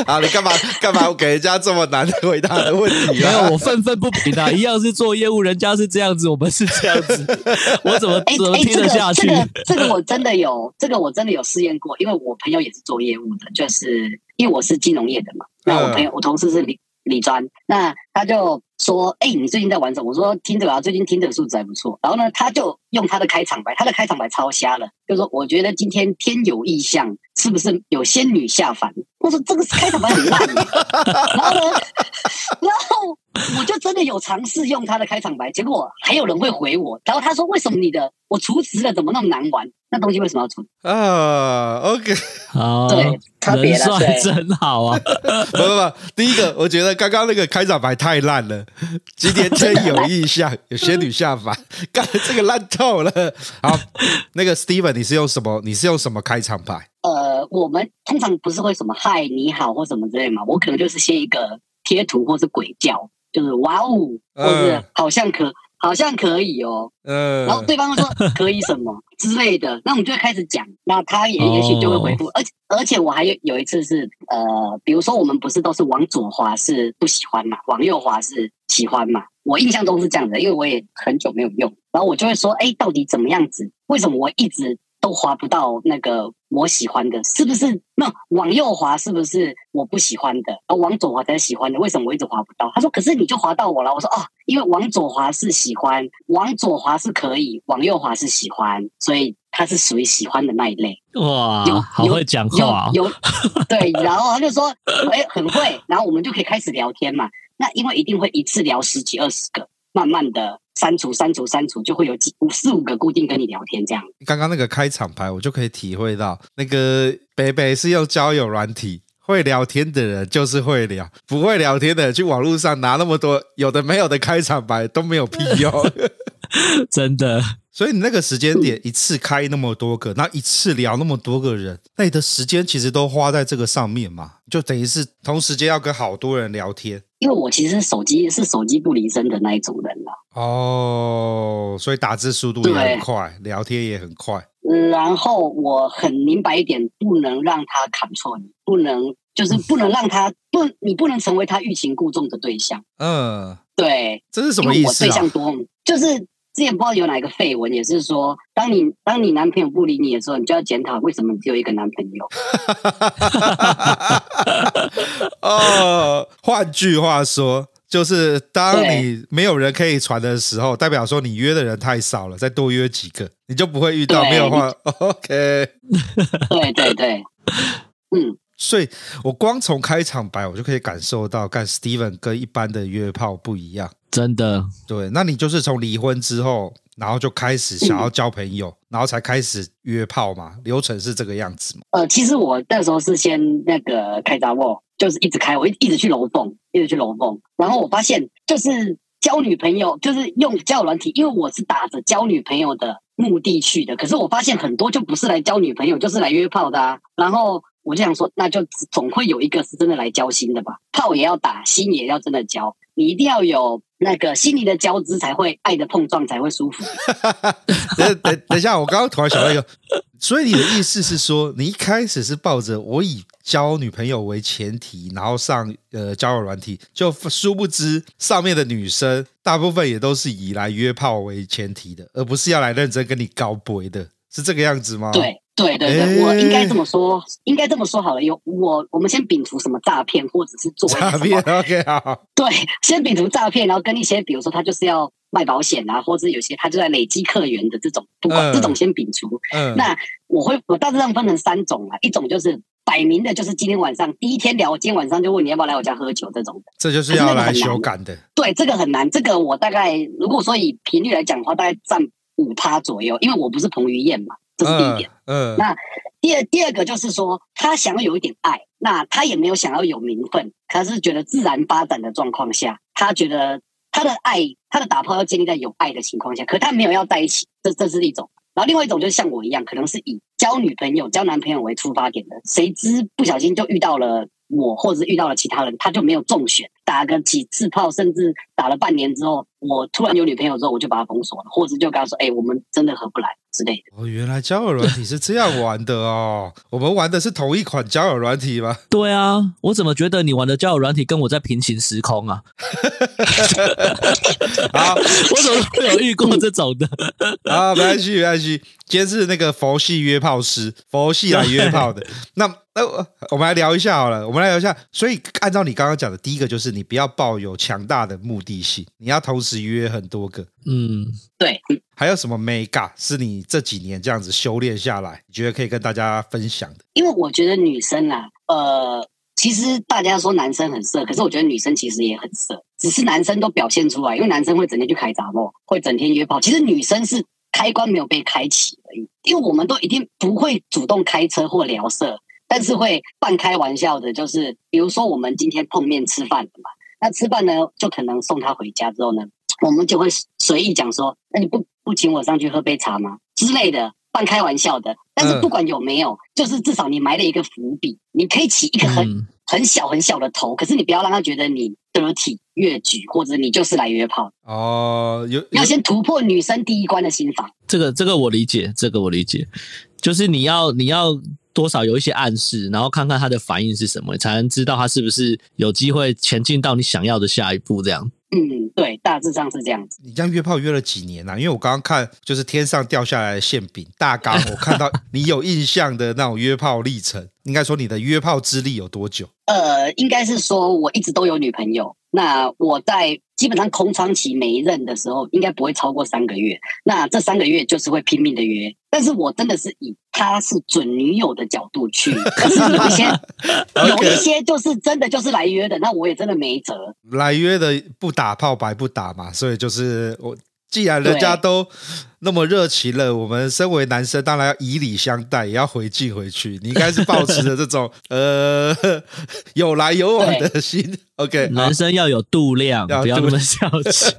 好，你幹嘛幹嘛給人家這麼難回答的問題，啊？沒有，我憤憤不平啊！一樣是做業務，人家是這樣子，我們是這樣子， 我怎麼怎麼聽得下去，欸欸這個這個，這個我真的有，這個我真的有試驗過，因為我朋友也是做業務的，就是因為我是金融業的嘛。那我朋友，嗯、我同事是理理專，那他就。說，哎、欸，你最近在玩什麼？我說聽着啊，最近聽着的素質還不錯。然後呢，他就用他的開場白，他的開場白超瞎了，就說我覺得今天天有異象，是不是有仙女下凡？我說這個開場白很爛。 然後呢，然後我就真的有嘗試用他的開場白，結果還有人會回我。然後他說，為什麼你的我除詞了，怎麼那麼難玩？那東西為什麼要出啊，oh,？OK，好，oh, 對，人帥真好啊！ 不不不，吧， 第一個，我覺得剛剛那個開場白太爛了。今天真有意向， 有仙女下凡， 剛才這個爛透了。好，那個 Steven，你是用什麼？你是用什麼開場白？呃，我們通常不是會什麼嗨，你好或什麼之類嘛，我可能就是先一個貼圖或者鬼叫，就是哇哦，呃，或是好像可。好像可以哦，嗯，uh, 然後對方會說 可以什麼之類的，那我們就會開始講，那他也也許就會回覆，而且而且我還有有一次是呃，比如說我們不是都是往左滑是不喜歡嘛，往右滑是喜歡嘛，我印象中是這樣的，因為我也很久沒有用，然後我就會說，哎，到底怎麼樣子？為什麼我一直都滑不到那個？我喜歡的，是不是？那往右滑是不是我不喜歡的？而、哦、往左滑才喜歡的。為什麼我一直滑不到？他說：“可是你就滑到我了。”我說：“啊、哦，因為往左滑是喜歡，往左滑是可以，往右滑是喜歡，所以他是屬於喜歡的那一類。”哇，有有好會講話、哦！有有對，然後他就說：“哎、 欸，很會。”然後我們就可以開始聊天嘛。那因為一定會一次聊十幾、二十個，慢慢的。刪除刪除刪除，就會有幾五四五個固定跟你聊天這樣。剛剛那個開場白，我就可以體會到，那個北北是用交友軟體，會聊天的人就是會聊，不會聊天的人去網絡上拿那麼多有的沒有的開場白都沒有屁用。 真的。所以你那個時間點一次開那麼多個，那一次聊那麼多個人，那你的時間其實都花在這個上面嘛，就等於是同時間要跟好多人聊天。因為我其實手機是手機不離身的那一種人了、啊、哦，所以打字速度也很快，對聊天也很快、嗯。然後我很明白一點，不能讓他看錯你，不能就是不能讓他、嗯、不，你不能成為他欲擒故縱的對象。嗯，對，這是什麼意思啊？我對象多就是。之前不知道有哪一個廢文，也是說，當你當你男朋友不理你的時候，你就要檢討為什麼你只有一個男朋友。 哦，換句話說，就是當你沒有人可以傳的時候，對代表說你約的人太少了，再多約幾個，你就不會遇到沒有話。對 OK，對對對，嗯，所以我光從開場白，我就可以感受到，幹 Steven 跟一般的約炮不一樣。真的對。那你就是從離婚之後，然後就開始想要交朋友，嗯、然後才開始約炮嘛？流程是這個樣子嗎？呃，其實我那時候是先那個開查某，就是一直開，我一直去樓鳳，一直去樓鳳，然後我發現就是交女朋友就是用交友軟體，因為我是打着交女朋友的目的去的，可是我發現很多就不是來交女朋友，就是來約炮的啊。然後我就想說，那就總會有一個是真的來交心的吧？炮也要打，心也要真的交，你一定要有。那個心靈的交織才會愛的碰撞才會舒服。等等等一下，我剛剛突然想到一個，所以你的意思是說，你一開始是抱着我以交女朋友為前提，然後上呃交友軟體，就殊不知上面的女生大部分也都是以來約炮為前提的，而不是要來認真跟你告白的，是這個樣子嗎？對。對對對，我應該這麼說，欸、應該這麼說好了。有我，我們先摒除什麼詐騙，或者是做詐騙 OK 好。對，先摒除詐騙，然後跟一些比如說他就是要賣保險啊，或者有些他就在累積客源的這種，不管、嗯、這種先摒除。嗯。那我會我大致上分成三種啊，一種就是擺明的，就是今天晚上第一天聊，今天晚上就問你要不要來我家喝酒，這種。這就是要來修感的，的。對，這個很難。這個我大概如果說以頻率來講的話，大概佔五趴左右，因為我不是彭於晏嘛。這是第一點。嗯，嗯，那第二第二個就是說，他想要有一點愛，那他也沒有想要有名分，他是覺得自然發展的狀況下，他覺得他的愛，他的打炮要建立在有愛的情況下，可他沒有要在一起，這這是一種。然後另外一種就是像我一樣，可能是以交女朋友、交男朋友為出發點的，誰知不小心就遇到了我，或者是遇到了其他人，他就沒有中選，打個幾次炮，甚至打了半年之後。我突然有女朋友之後，我就把她封鎖了，或者就跟她說：“哎、欸，我們真的合不來之類的。”哦，原來交友軟體是這樣玩的哦！ 我們玩的是同一款交友軟體嗎？對啊，我怎麼覺得你玩的交友軟體跟我在平行時空啊？啊，我怎麼會有遇過這種的？啊， 沒關係沒關係，今天是那個佛系約炮師，佛系來約炮的。 那那我我們來聊一下好了，我們來聊一下。所以按照你剛剛講的，第一個就是你不要抱有強大的目的性，你要同時。是約很多個，嗯，對，還有什麼 mega 是你這幾年這樣子修煉下來，你覺得可以跟大家分享的？因為我覺得女生啊，呃，其實大家說男生很色，可是我覺得女生其實也很色，只是男生都表現出來，因為男生會整天去開雜貨，會整天約炮。其實女生是開關沒有被開啟而已，因為我們都一定不會主動開車或聊色，但是會半開玩笑的，就是比如說我們今天碰面吃飯的嘛，那吃飯呢，就可能送她回家之後呢。我們就會隨意講說，那你不不請我上去喝杯茶嗎？之類的，半開玩笑的。但是不管有沒有，呃、就是至少你埋了一個伏筆，你可以起一個很很小，嗯、很小的頭，可是你不要讓他覺得你得體逾矩，或者你就是來約炮。哦，有，有，要先突破女生第一關的心法。這個這個我理解，這個我理解，就是你要你要多少有一些暗示，然後看看他的反應是什麼，才能知道他是不是有機會前進到你想要的下一步這樣。嗯，對，大致上是這樣子。你這樣約炮約了幾年呢？啊，因為我剛剛看就是，天上掉下來的餡餅大綱，我看到你有印象的那種約炮歷程， 應該說你的約炮資歷有多久？呃，應該是說我一直都有女朋友。那我在基本上空窗期沒任的時候，應該不會超過三個月。那這三個月就是會拼命的約。但是我真的是以他是準女友的角度去，可是有一些有一些就是真的就是來約的， 那我也真的沒轍。來約的不。打炮白不打嘛，所以就是我，既然人家都那麼熱情了，對我們身為男生當然要以禮相待，也要回敬回去。你應該是抱持著這種 呃，有來有往的心。對 OK，男生要有度量，啊、不要那麼小氣。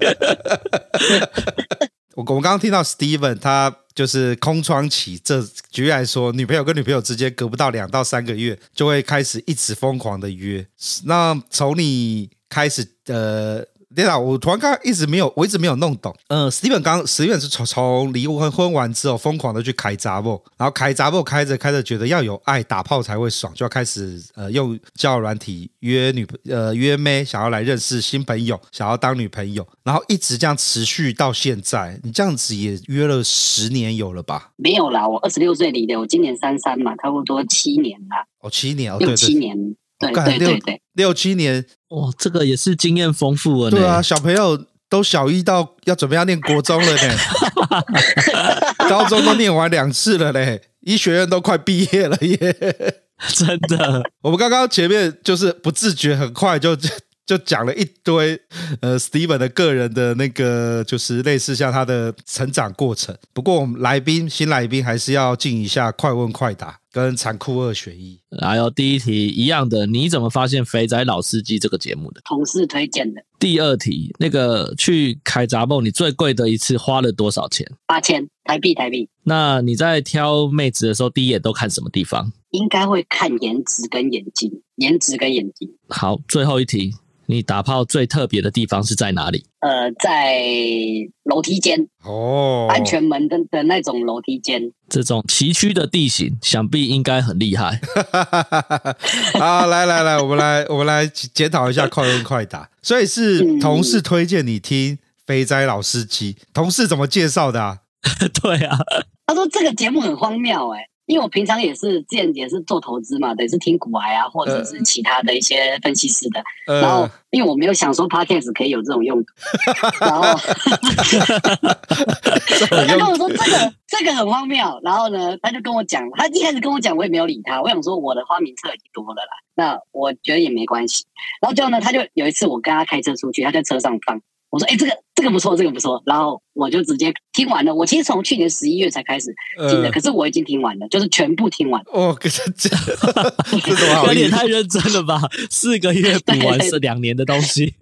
我 我剛剛聽到 Steven，他就是空窗期，這居然說女朋友跟女朋友之間隔不到兩到三個月就會開始一直瘋狂的約。那從你開始呃。對啊，我突然剛一直沒有，我一直沒有弄懂。嗯、呃，史蒂芬剛史蒂芬是從從離婚婚完之後瘋狂的去開雜步，然後開雜步開着開着覺得要有愛打炮才會爽，就要開始呃用交友軟體約女呃約妹，想要來認識新朋友，想要當女朋友，然後一直這樣持續到現在。你這樣子也約了十年有了吧？沒有啦，我二十六歲離的，我今年三三嘛，差不多七年了。哦，七年哦，六，六七年，對對對對，六六七年。哇，這個也是經驗豐富啊。對啊，小朋友都小一到要準備要念國中了呢， 高中都念完兩次了嘞，醫學院都快畢業了耶，真的。 我們剛剛前面就是不自覺，很快就。 就講了一堆，呃，Steven 的個人的那個，就是類似像他的成長過程。不過我們來賓新來賓還是要進一下快問快答跟殘酷二選一、哦。還有第一題一樣的，你怎麼發現《肥仔老司機》這個節目的？同事推薦的。第二題，那個去開查某，你最貴的一次花了多少錢？八千台幣，台幣。台幣，那你在挑妹子的時候，第一眼都看什麼地方？應該會看顏值跟眼睛，顏值跟眼睛。好，最後一題。你打炮最特別的地方是在哪裡？呃，在樓梯間哦，安全門的的那種樓梯間，這種崎嶇的地形，想必應該很厲害。 好，來來來，我們來 我們來檢討一下快問快答。所以是同事推薦你聽《肥宅老司機》，同事怎麼介紹的、啊？ 對啊，他說這個節目很荒謬、欸，哎。因為我平常也是，也也是做投資嘛，等於是聽股癌啊，或者是其他的一些分析師的。呃、然後，因為我沒有想說 podcast 可以有這種用，呃、然後他跟我說這個這個很荒謬。然後呢，他就跟我講，他一開始跟我講，我也沒有理他。我想說我的花名冊已經多了啦，那我覺得也沒關係。然後最後呢，他就有一次我跟他開車出去，他在車上放。我說，誒、欸，這個這個不錯，這個不錯。然後我就直接聽完了。我其實從去年十一月才開始聽的，呃、可是我已經聽完了，就是全部聽完。哦，可是這樣，有點 太認真了吧？四個月補完是兩年的東西。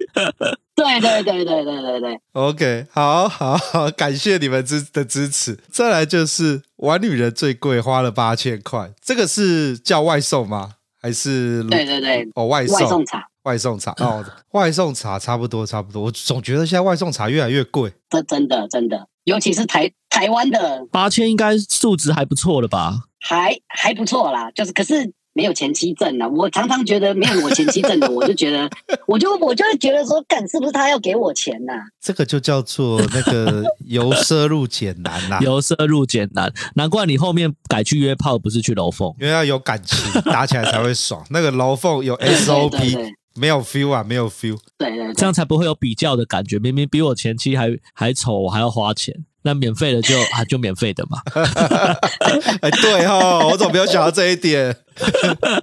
對對對對對對對。OK，好好好，感謝你們支的支持。再來就是玩女人最貴，花了八千塊，這個是叫外送嗎？還是對對對，哦，外、外送。.外送茶，哦嗯、外送茶差不多，差不多。我總覺得現在外送茶越來越貴，這真的真的。尤其是台台灣的八千，應該數值還不錯了吧？還還不錯啦，就是可是沒有前期掙呢。我常常覺得沒有我前期掙的 我我，我就覺得我就我就會覺得說，幹是不是他要給我錢吶、啊？這個就叫做那個由奢入儉難吶、啊， 由奢入儉難。難怪你後面改去約炮，不是去樓鳳，因為要有感情打起來才會爽。 那個樓鳳有 SOP。對對對。沒有 feel 啊，沒有 feel。對，對對，這樣才不會有比較的感覺。明明比我前妻還還醜，我還要花錢，那免費的就 啊就免費的嘛。哎、 欸，對哈，我怎麼沒有想到這一點？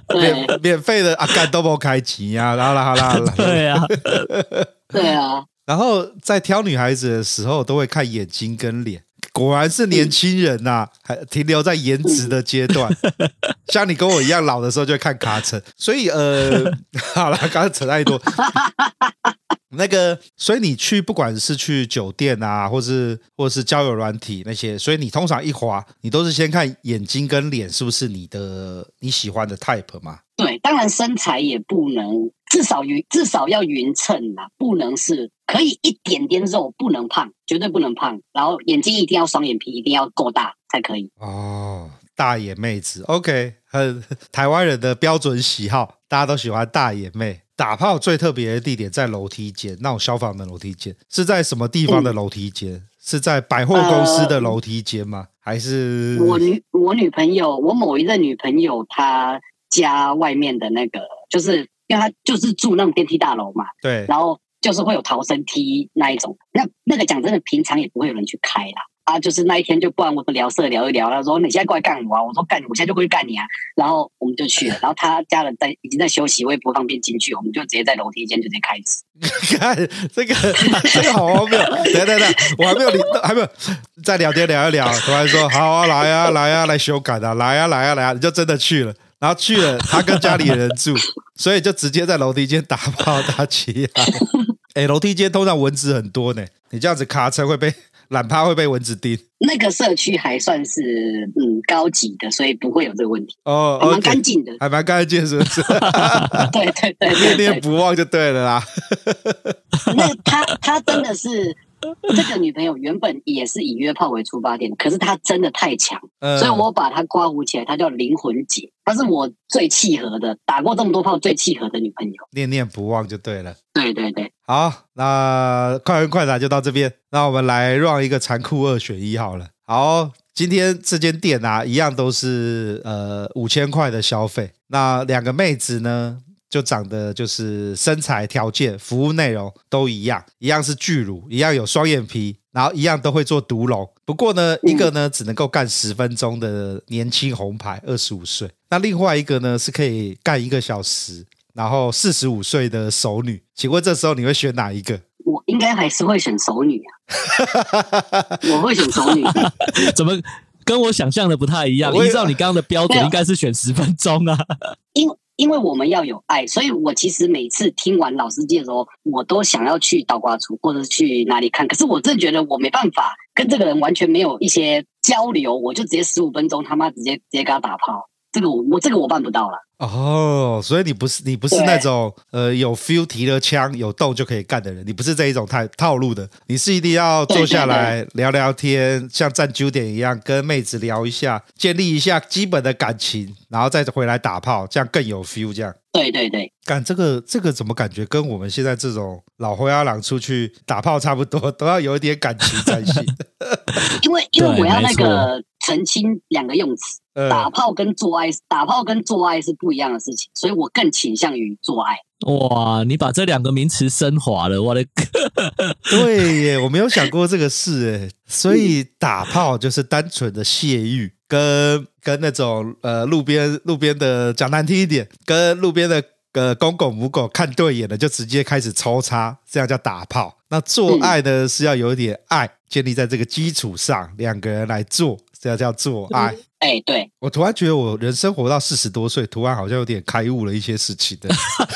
對免免費的啊，幹都不用開錢呀、啊！好啦好啦好啦，啦，對啊對啊。 對啊 然後在挑女孩子的時候，都會看眼睛跟臉。果然是年輕人吶、啊，還停留在顏值的階段。 像你跟我一樣 老的時候就會看卡稱，所以呃， 好了，剛剛扯太多。 那個，所以你去不管是去酒店啊，或是或者是交友軟體那些，所以你通常一滑，你都是先看眼睛跟臉是不是你的你喜歡的 type 嗎？對，當然身材也不能。至少勻，至少要勻稱啊，不能是可以一點點肉，不能胖，絕對不能胖。然後眼睛一定要雙眼皮，一定要夠大才可以哦。大眼妹子，OK，很台灣人的標準喜好，大家都喜歡大眼妹。打炮最特別的地點在樓梯間，那種消防的樓梯間是在什麼地方的樓梯間？嗯，是在百貨公司的樓梯間嗎？呃，還是我女我女朋友，我某一任女朋友她家外面的那個，就是，嗯。因為他就是住那種電梯大樓嘛，對，然後就是會有逃生梯那一種，那那個講真的，平常也不會有人去開啦。啊，就是那一天就不然我們聊色聊一聊，他說你現在過來幹我啊，我說幹你，我現在就過去幹你啊。然後我們就去了，然後他家人在已經在休息，我也不方便進去，我們就直接在樓梯間就直接開始。你看這個這個好沒有， 等等等，我還沒有，還沒有再聊天聊一聊，突然說好啊，來啊來啊來修改啊，來啊來啊來啊，來啊，你就真的去了。然後去了，他跟家裡人住，所以就直接在樓梯間打炮打起來。哎、 欸，樓梯間通常蚊子很多呢，你這樣子卡車會被懶趴會被蚊子叮。那個社區還算是嗯高級的，所以不會有這個問題。哦，還蠻乾淨的，還蠻乾淨，是不是？ 對，對，對，對對對，念念不忘就對了啦。 那他他真的是。這個女朋友原本也是以約炮為出發點，可是她真的太強，呃、所以我把她刮胡起來，她叫靈魂姐，她是我最契合的，打過這麼多炮最契合的女朋友，念念不忘就對了。對對對，好，那快問快答就到這邊，那我們來讓一個殘酷二選一好了。好，今天這間店啊，一樣都是呃五千塊的消費，那兩個妹子呢？就長得就是身材條件、服務內容都一樣，一樣是巨乳，一樣有雙眼皮，然後一樣都會做毒龍。不過呢，嗯、一個呢只能夠幹十分鐘的年輕紅牌，二十五歲；那另外一個呢是可以幹一個小時，然後四十五歲的熟女。請問這時候你會選哪一個？我應該還是會選熟女啊， 我會選熟女。 怎麼跟我想象的不太一樣？啊、依照你剛剛的標準我，應該是選十分鐘啊，因。因為我們要有愛，所以我其實每次聽完老司機的時候，我都想要去倒掛廚或者去哪裡看。可是我真覺得我沒辦法跟這個人完全沒有一些交流，我就直接十五分鐘，他媽直接直接給他打炮，這個我我這個我辦不到了。哦，所以你不是你不是那種對呃，有 feel 提了槍有動就可以幹的人，你不是這一種態套路的，你是一定要坐下來聊聊天，對對對，像站九點一樣跟妹子聊一下，建立一下基本的感情，然後再回來打炮，這樣更有 feel。這樣對對對，幹這個這個怎麼感覺跟我們現在這種老灰阿郎出去打炮差不多，都要有一點感情才行。 因為因為我要那個澄清兩個用詞。呃、打炮跟做愛，打炮跟做愛是不一樣的事情，所以我更傾向於做愛。哇，你把這兩個名詞升華了，我的。 對耶，我沒有想過這個事誒。所以打炮就是單純的洩慾，嗯、跟跟那種呃路邊路邊的講難聽一點，跟路邊的呃公狗母狗看對眼了，就直接開始抽插，這樣叫打炮。那做愛呢，嗯、是要有一點愛建立在這個基礎上，兩個人來做。這樣，這樣做，哎哎，對，我突然覺得我人生活到四十多歲，突然好像有點開悟了一些事情的。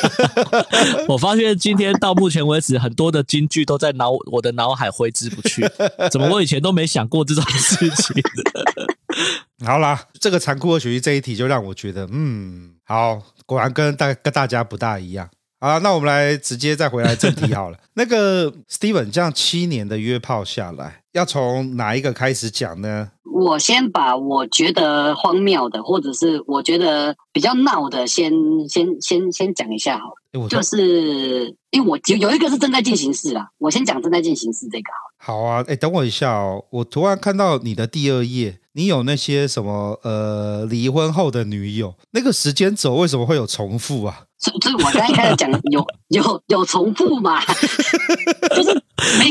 我發現今天到目前為止，很多的金句都在腦我的腦海揮之不去。怎麼我以前都沒想過這種事情？ 好啦，這個殘酷的學習這一題，就讓我覺得，嗯，好，果然跟大跟大家不大一樣。好啦，那我們來直接再回來正題好了。 那個 Steven 這樣七年的約炮下來，要從哪一個開始講呢？我先把我覺得荒謬的，或者是我覺得比較鬧的，先先先先講一下好。就是因為我有有一個是正在進行式啊，我先講正在進行式這個好。好啊，哎，等我一下哦，我突然看到你的第二頁，你有那些什麼呃，離婚後的女友那個時間軸為什麼會有重複啊？所以，所以我剛一開始講的有 有有，有重複嘛，就是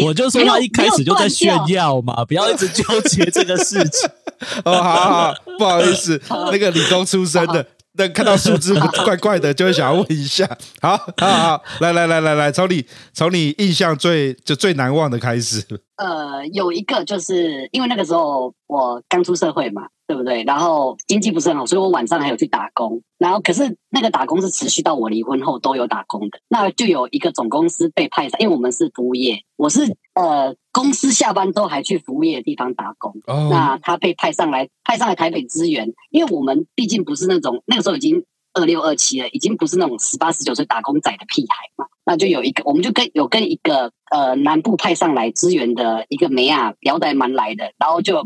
我就說他一開始就在炫耀嘛，不要一直糾結這個事情。 哦，好好，不好意思， 那個理工出身的。但看到數字怪怪的，就會想要問一下。 好，好，好，來，來，來，來，來，從你，從你印象最就最難忘的開始。呃，有一個就是因為那個時候我剛出社會嘛，對不對？然後經濟不是很好，所以我晚上還有去打工。然後可是那個打工是持續到我離婚後都有打工的。那就有一個總公司被派上，因為我們是服務業，我是呃。公司下班都還去服務業的地方打工，oh. 那他被派上來，派上來台北支援，因為我們畢竟不是那種，那個時候已經二六二七了，已經不是那種十八十九歲打工仔的屁孩嘛。那就有一個，我們就跟有跟一個呃南部派上來支援的一個美亞聊得還蠻來的，然後就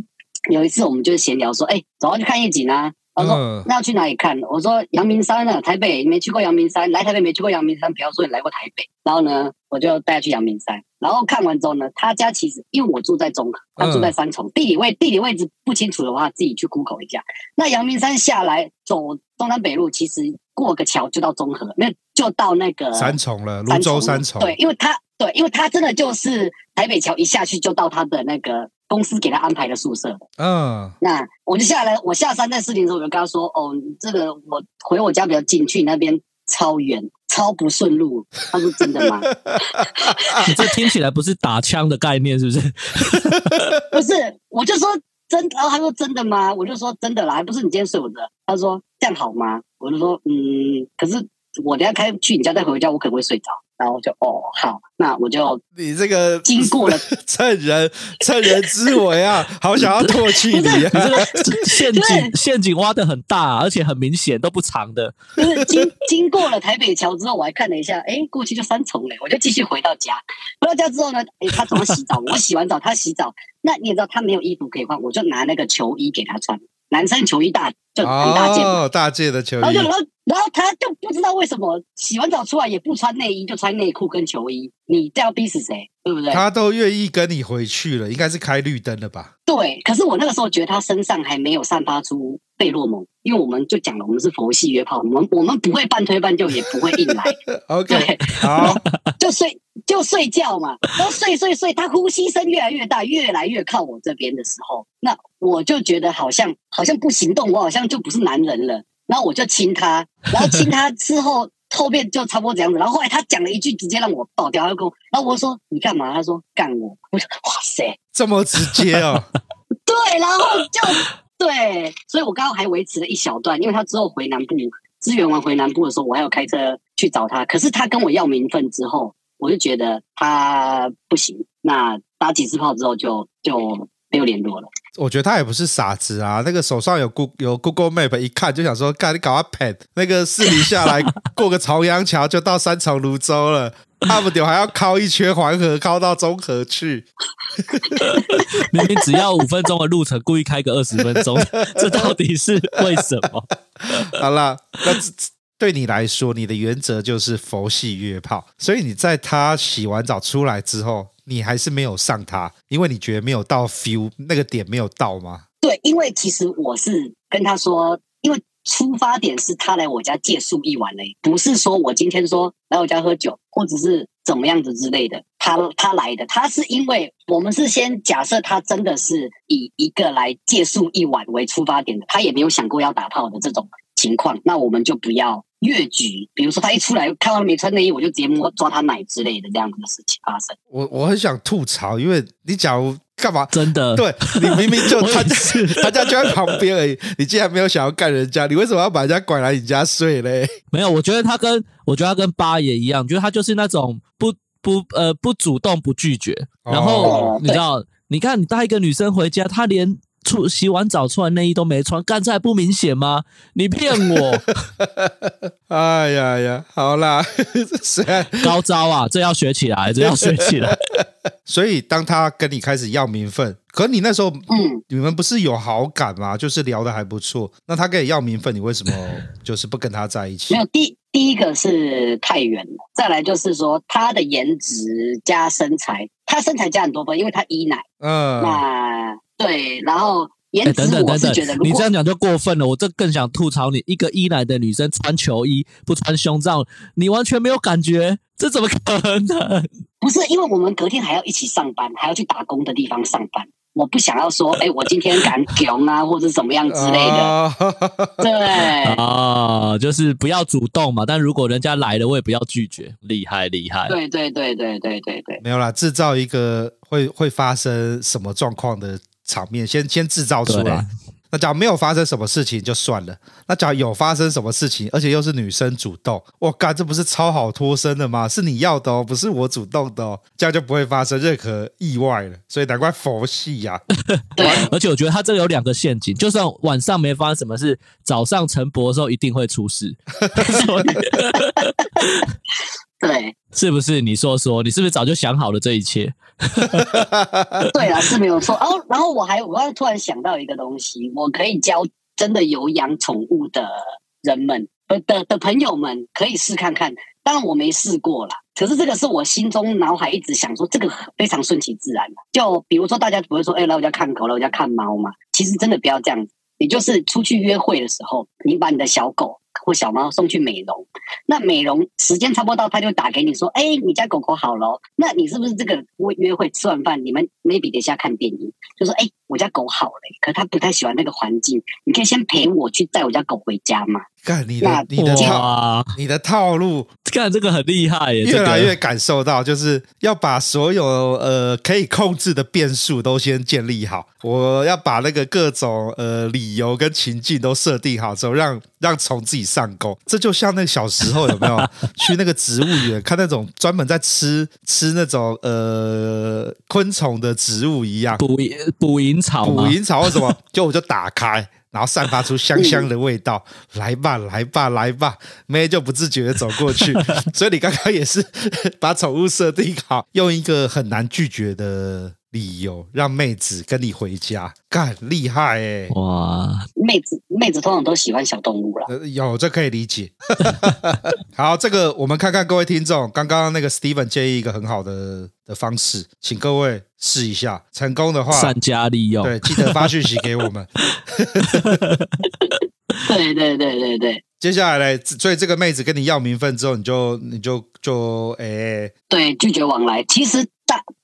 有一次我們就閒聊說，哎，走啊去看夜景啊。嗯、他說：“那要去哪裡看？”我說：“陽明山啊，台北沒去過陽明山，來台北沒去過陽明山，不要說你來過台北。”然後呢，我就帶他去陽明山。然後看完之後呢，他家其實因為我住在中和，他住在三重，地理位地理位置不清楚的話，自己去 Google 一下。那陽明山下來走中山北路，其實過個橋就到中和，那就到那個三重了，蘆洲三重。對，因為他對，因為他真的就是台北橋一下去就到他的那個。公司給他安排的宿舍的。嗯，oh. 那我就下來，我下山的事情的時候，我就跟他說：“哦，這個我回我家比較近，去你那邊超遠，超不順路。”他說真的嗎？ 你這聽起來不是打槍的概念，是不是？ 不是，我就說真，然後他說真的嗎？我就說真的啦，還不是你今天睡我的？他說這樣好嗎？我就說嗯，可是我等下開去你家再回我家，我可能會睡着。然後我就哦，好，那我就你這個經過了趁人趁人之危啊，好想要唾棄你。陷阱陷阱挖的很大啊，而且很明顯都不藏的。就是、經經過了台北橋之後，我還看了一下，哎，過去就三重了，我就繼續回到家。回到家之後呢，哎，他怎麼洗澡？我洗完澡，他洗澡。 那你也知道他沒有衣服可以換，我就拿那個球衣給他穿。男生球衣大就很大件，哦，大件的球衣。然後，然後，他就不知道為什麼洗完澡出來也不穿內衣，就穿內褲跟球衣。你這樣逼死誰？對不對？他都願意跟你回去了，應該是開綠燈了吧？對。可是我那個時候覺得他身上還沒有散發出貝洛蒙，因為我們就講了，我們是佛系約炮，我們我們不會半推半就，也不會硬來。 OK，對好，就是。就睡覺嘛，然後睡睡睡，他呼吸聲越來越大，越來越靠我這邊的時候，那我就覺得好像好像不行動，我好像就不是男人了。然後我就親他，然後親他之後， 後面就差不多這樣子。然後後來他講了一句，直接讓我爆掉，他跟我，然後我說你幹嘛？他說幹我。我說哇塞，這麼直接啊，哦？ 對，然後就對，所以我剛剛還維持了一小段，因為他之後回南部支援完回南部的時候，我還要開車去找他，可是他跟我要名分之後。我就覺得他不行，那打幾次炮之後就就沒有聯絡了。我覺得他也不是傻子啊，那個手上有 Go 有 Google Map，一看就想說，幹你搞個 Pad，那個四里下來 過個朝陽橋就到三重蘆洲了，那不丟還要靠一圈環河，靠到中和去。 明明只要五分鐘的路程，故意開個二十分鐘，這到底是為什麼？ 好了，那這這。 對你來說，你的原則就是佛系約炮，所以你在他洗完澡出來之後，你還是沒有上他，因為你覺得沒有到 feel 那個點，沒有到嗎？對，因為其實我是跟他說，因為出發點是他來我家借宿一晚嘞，不是說我今天說來我家喝酒，或者是怎麼樣子之類的。他他來的，他是因為我們是先假設他真的是以一個來借宿一晚為出發點的，他也沒有想過要打炮的這種情況，那我們就不要越界。比如說，他一出來，看到你穿內衣，我就直接摸抓他奶之類的這樣子的事情發生。我我很想吐槽，因為你假如幹嘛？真的？對，你明明就穿的是，他家就在旁邊而已，你竟然沒有想要幹人家，你為什麼要把人家拐來你家睡嘞？沒有，我覺得他跟我覺得他跟八爺一樣，覺得他就是那種不不呃不主動不拒絕。哦、然後對你知道，你看你帶一個女生回家，他連。出洗完澡出來內衣都沒穿，剛才不明顯嗎？你騙我！ 哎呀呀，好啦，呵呵誰高招啊，這要學起來，這要學起來。 所以當他跟你開始要名分，可你那時候，嗯、你們不是有好感嗎？就是聊得還不錯。那他跟你要名分，你為什麼就是不跟他在一起？沒有，第第一個是太遠了，再來就是說他的顏值加身材，他身材加很多分，因為他一奶，嗯、呃，那。對，然後等等等等，你這樣講就過分了。我這更想吐槽你，一個依賴的女生穿球衣不穿胸罩，你完全沒有感覺，這怎麼可能呢？不是，因為我們隔天還要一起上班，還要去打工的地方上班。我不想要說，哎，我今天敢窮啊， 或者怎麼樣之類的。Uh、對啊，uh, 就是不要主動嘛。但如果人家來了，我也不要拒絕。厲害厲害，對,對對對對對對對，沒有啦，制造一個會會發生什麼狀況的。場面先先製造出來，對那假如沒有發生什麼事情就算了，那假如有發生什麼事情，而且又是女生主動，我幹這不是超好脫身的嗎？是你要的哦，不是我主動的哦，這樣就不會發生任何意外了，所以難怪佛系呀、啊。對而且我覺得他這個有兩個陷阱，就算晚上沒發生什麼事，早上晨勃的時候一定會出事， 所以。 對，是不是你說說，你是不是早就想好了這一切？ 對啊，是沒有錯。哦，然後我還我剛突然想到一個東西，我可以教真的有養寵物的人們，呃，的的朋友們可以試看看。當然，我沒試過啦。可是，這個是我心中腦海一直想說，這個非常順其自然的。就比如說，大家不會說，哎、欸，來我家看狗，來我家看貓嘛？其實真的不要這樣子。你就是出去約會的時候，你把你的小狗。或小貓送去美容，那美容時間差不多到，他就打給你說：“哎、欸，你家狗狗好囉？”那你是不是這個約約會吃完飯，你們 maybe 等一下看電影？就說：“哎。”我家狗好嘞，可它不太喜歡那個環境。你可以先陪我去帶我家狗回家嗎？幹你的,你的哇套，你的套路，幹這個很厲害耶，越來越感受到，就是要把所有、這個、呃可以控制的變數都先建立好。我要把那個各種呃理由跟情境都設定好之後，讓讓蟲自己上鈎。這就像那小時候有沒有 去那個植物園 看那種專門在吃吃那種呃昆蟲的植物一樣，捕蠅捕蠅。捕蠅草或什麼，結果， 我就打開，然後散發出香香的味道， 來吧來吧來吧，妹，就不自覺的走過去。 所以你剛剛也是把寵物設定好，用一個很難拒絕的理由讓妹子跟你回家，幹厲害哎、欸！哇，妹子妹子通常都喜歡小動物了、呃，有這個、可以理解。 好，這個我們看看各位聽眾，剛剛那個 Steven 建議一個很好的的方式，請各位試一下，成功的話善加利用，對，記得發訊息給我們。 對，對對對對對，接下來呢，所以這個妹子跟你要名分之後你，你就你就就誒，欸、對，拒絕往來，其實。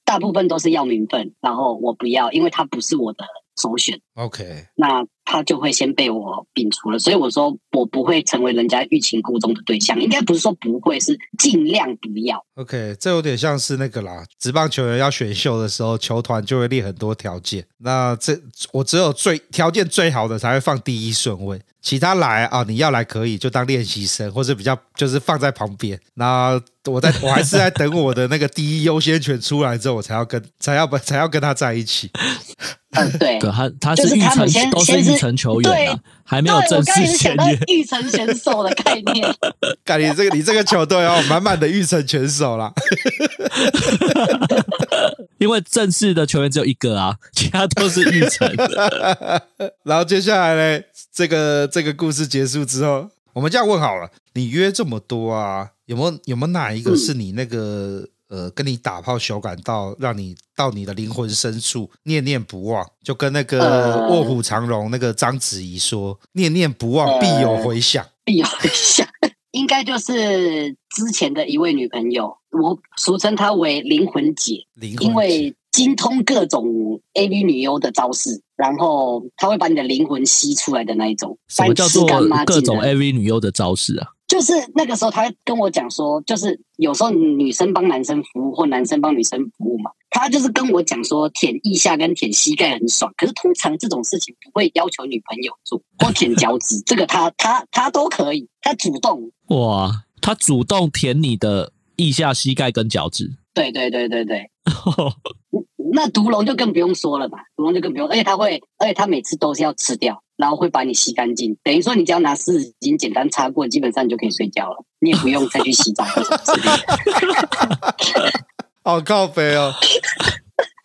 大部分都是要名分，然後我不要，因為他不是我的首選，OK，那他就會先被我摒除了，所以我說我不會成為人家欲擒故縱的對象，應該不是說不會，是盡量不要。OK，這有點像是那個啦，職棒球員要選秀的時候，球團就會列很多條件，那這我只有最條件最好的才會放第一順位，其他來啊，你要來可以就當練習生，或是比較就是放在旁邊。那我在我還是在等我的那個第一優先權出來之後， 我才要跟才要不才要跟他在一起。 嗯、對，可他他是育成，是都是育成球員了，還沒有正式簽約。育成選手的概念，看 你這個，你這個球隊哦，滿滿的育成選手了。 因為正式的球員只有一個啊，其他都是育成。 然後接下來呢，這個這個故事結束之後，我們就要問好了，你約這麼多啊，有沒有有沒有哪一個是你那個？嗯呃，跟你打炮，手感到讓你到你的靈魂深處念念不忘，就跟那個臥虎藏龍那個章子怡說，呃、念念不忘、呃、必有回響，必有回響。應該就是之前的一位女朋友，我俗稱她為靈魂姐，靈魂姐。因為精通各種 AV 女優的招式，然後她會把你的靈魂吸出來的那一種。什麼叫做各種 AV 女優的招式啊？就是那個時候，他跟我講說，就是有時候女生幫男生服務或男生幫女生服務嘛，他就是跟我講說，舔腋下跟舔膝蓋很爽，可是通常這種事情不會要求女朋友做，或舔腳趾，這個他，他他他都可以，他主動，哇，他主動舔你的腋下、膝蓋跟腳趾，對對對對對。 Oh. 那毒龍就更不用說了吧？毒龍就更不用，而且它會，而且它每次都是要吃掉，然後會把你吸乾淨，等於說你只要拿濕紙巾簡單擦過，基本上你就可以睡覺了，你也不用再去洗澡。 好靠北喔，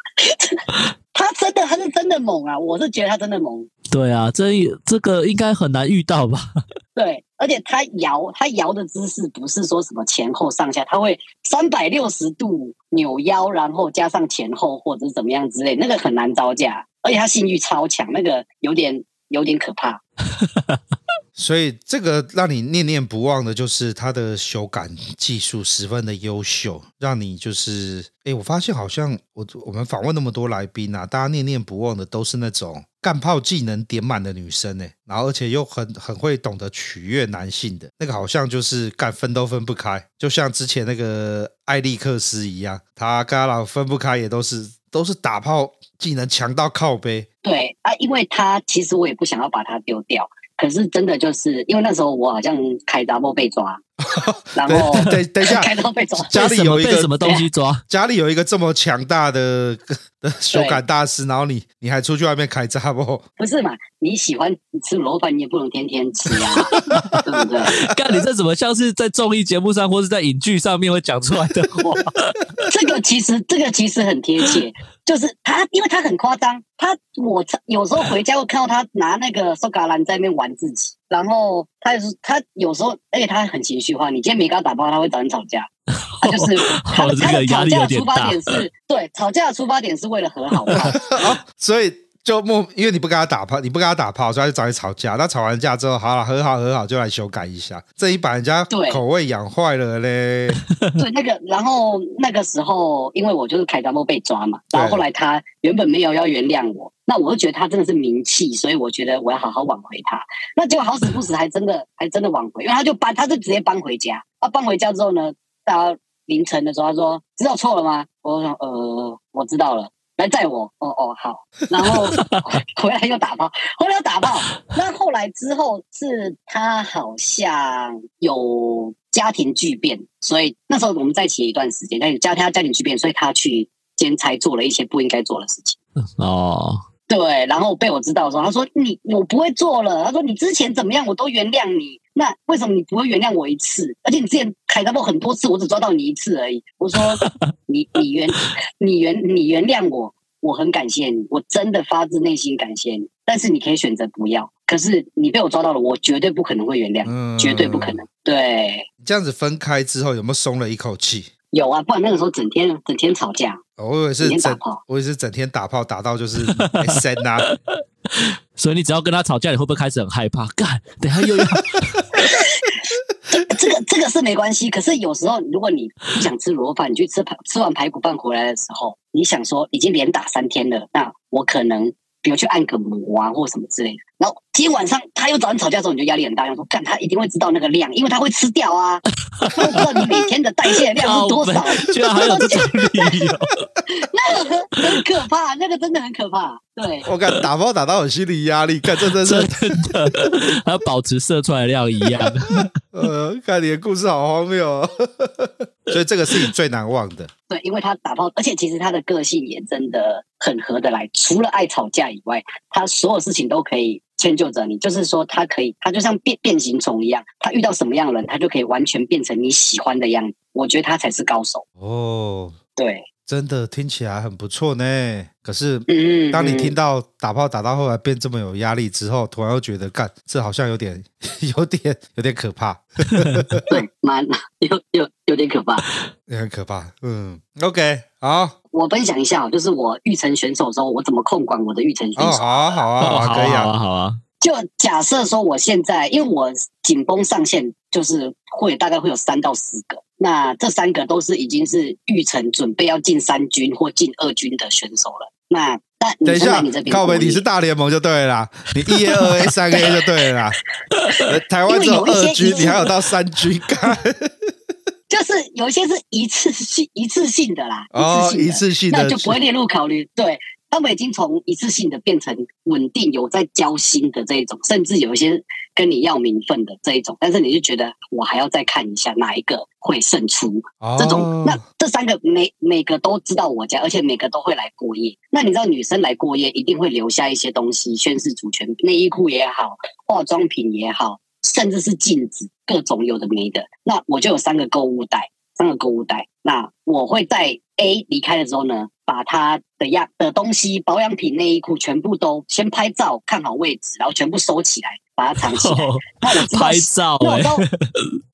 他真的，他是真的猛啊，我是覺得他真的猛。對啊，這這個應該很難遇到吧？對，而且他搖，他搖的姿勢不是說什麼前後上下，他會三百六十度扭腰，然後加上前後或者怎麼樣之類，那個很難招架，而且他性慾超強，那個有點有點可怕。 所以這個讓你念念不忘的，就是他的手感技術十分的優秀，讓你就是哎，我發現好像我我們訪問那麼多來賓啊，大家念念不忘的都是那種乾炮技能點滿的女生呢、欸，然後而且又很很會懂得取悅男性的那個，好像就是幹分都分不開，就像之前那個艾利克斯一樣，他跟阿朗分不開，也都是都是打炮技能強到靠背。對啊，因為他其實我也不想要把他丟掉。可是真的就是因為那時候我好像開 double 被抓。 然等後等一下，開刀被抓家裡有一個什麼東西抓？家裡有一個這麼強大的的手感大師，對然後你你還出去外面開炸。不？不是嘛？你喜歡吃蘿蔔你也不能天天吃啊， 對不對？看，你這怎麼像是在綜藝節目上或是在影劇上面會講出來的話？ 這個其實，這個其實很貼切， 就是他，因為他很誇張，他我有時候回家會看到他拿那個蘇格蘭在那邊玩自己。然後他也是，他有時候，而且、欸、他很情緒化。你今天沒給他打包，他會找你吵架。哦、他就是，他吵架的出發點是對，吵架的出發點是為了和好、 啊。所以。就木，因為你不跟他打炮，你不跟他打炮，所以他就找你吵架。那吵完架之後，好了，和好和好，和好，就來修改一下。這一把人家口味養壞了嘞。對， 對，那個，然後那個時候，因為我就是凱達莫被抓嘛，對然後後來他原本沒有要原諒我，那我就覺得他真的是名氣，所以我覺得我要好好挽回他。那結果好死不死，還真的 還真的挽回，因為他就搬，他就直接搬回家。啊，搬回家之後呢，啊，凌晨的時候，他說：“知道錯了嗎？”我說：“呃，我知道了。”還載我，哦哦好，然後、哦、回來又打炮，回來又打炮。那後來之後是他好像有家庭巨變，所以那時候我們在一起一段時間，但是家庭他家庭巨變，所以他去兼差做了一些不應該做的事情。哦。Oh. 對，然後被我知道的時候，他說你：“你我不會做了。”他說：“你之前怎麼樣，我都原諒你。那為什麼你不會原諒我一次？而且你之前開刀過很多次，我只抓到你一次而已。”我說：“ 你你原你原你原諒我，我很感謝你，我真的發自內心感謝你。但是你可以選擇不要。可是你被我抓到了，我絕對不可能會原諒，嗯、絕對不可能。對，這樣子分開之後，有沒有鬆了一口氣？”有啊，不然那個時候整天整天吵架，哦。我以為是整，整打我以為是整天打炮打到就是 SM 啊。 所以你只要跟他吵架，你會不會開始很害怕？幹，等下又要。 這個這個是沒關係，可是有時候如果你不想吃滷肉飯，你去吃吃完排骨飯回來的時候，你想說已經連打三天了，那我可能比如去按個摩啊，或什麼之類的。然後今晚上他又早上吵架的時候，你就壓力很大。要說，幹他一定會知道那個量，因為他會吃掉啊， 不知道你每天的代謝量是多少，就有這種理由。那個很可怕， 那個真的很可怕。對，我敢打包打到很心理壓力，感這真是真的，要 保持射出來的量一樣。呃，看你的故事好荒謬哦。 所以這個是你最難忘的。對，因為他打包，而且其實他的個性也真的很合得來，除了愛吵架以外，他所有事情都可以。遷就着你，就是說他可以，他就像變變形蟲一樣，他遇到什麼樣的人，他就可以完全變成你喜歡的樣子。我覺得他才是高手哦，oh. 對。真的聽起來很不錯呢，可是、嗯、當你聽到打炮打到後來變這麼有壓力之後，嗯、突然又覺得，幹，這好像有點，有點，有點可怕。 對，蠻有有有點可怕，也很可怕。嗯，OK，好、哦，我分享一下，就是我育成選手的時候，我怎麼控管我的育成選手。啊哦。好啊，好啊，好啊，可以啊，啊，好啊。就假設說，我現在因為我緊繃上限，就是會大概會有三到四個。那這三個都是已經是育成準備要進三軍或進二軍的選手了。那等一下，你這邊你是大聯盟就對了，你一 A、二 A、三 A 就對了 對台灣只有二軍，你還有到三軍幹？ 就是有一些是一次性、一次性的啦，一次性的，哦，一次性的那就不會列入考慮。是對，他們已經從一次性的變成穩定有在交心的這一種，甚至有一些。跟你要名分的這一種，但是你就覺得我還要再看一下哪一個會勝出。哦，這種，那這三個每每個都知道我家，而且每個都會來過夜。那你知道女生來過夜一定會留下一些東西，宣示主權，內衣褲也好，化妝品也好，甚至是鏡子，各種有的沒的。那我就有三個購物袋，三個購物袋。那我會在 A 離開的時候呢，把他的樣的東西，保養品、內衣褲全部都先拍照看好位置，然後全部收起來。把它藏起來。拍照。那我知道，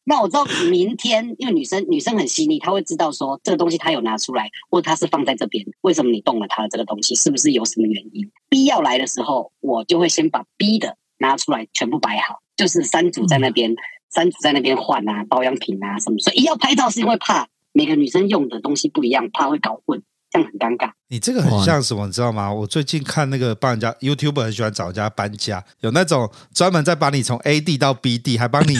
那我知道，明天因為女生女生很細膩，她會知道說這個東西她有拿出來，或者她是放在這邊。為什麼你動了她的這個東西？是不是有什麼原因？B 要來的時候，我就會先把 B 的拿出來，全部擺好，就是三組在那邊，嗯、三組在那邊換啊，保養品啊什麼。所以一要拍照，是因為怕每個女生用的東西不一樣，怕會搞混。這樣很尷尬。你這個很像什麼，你知道嗎？我最近看那個幫人家 YouTuber 很喜歡找人家搬家，有那種專門在把你從 A 地到 B 地，還幫你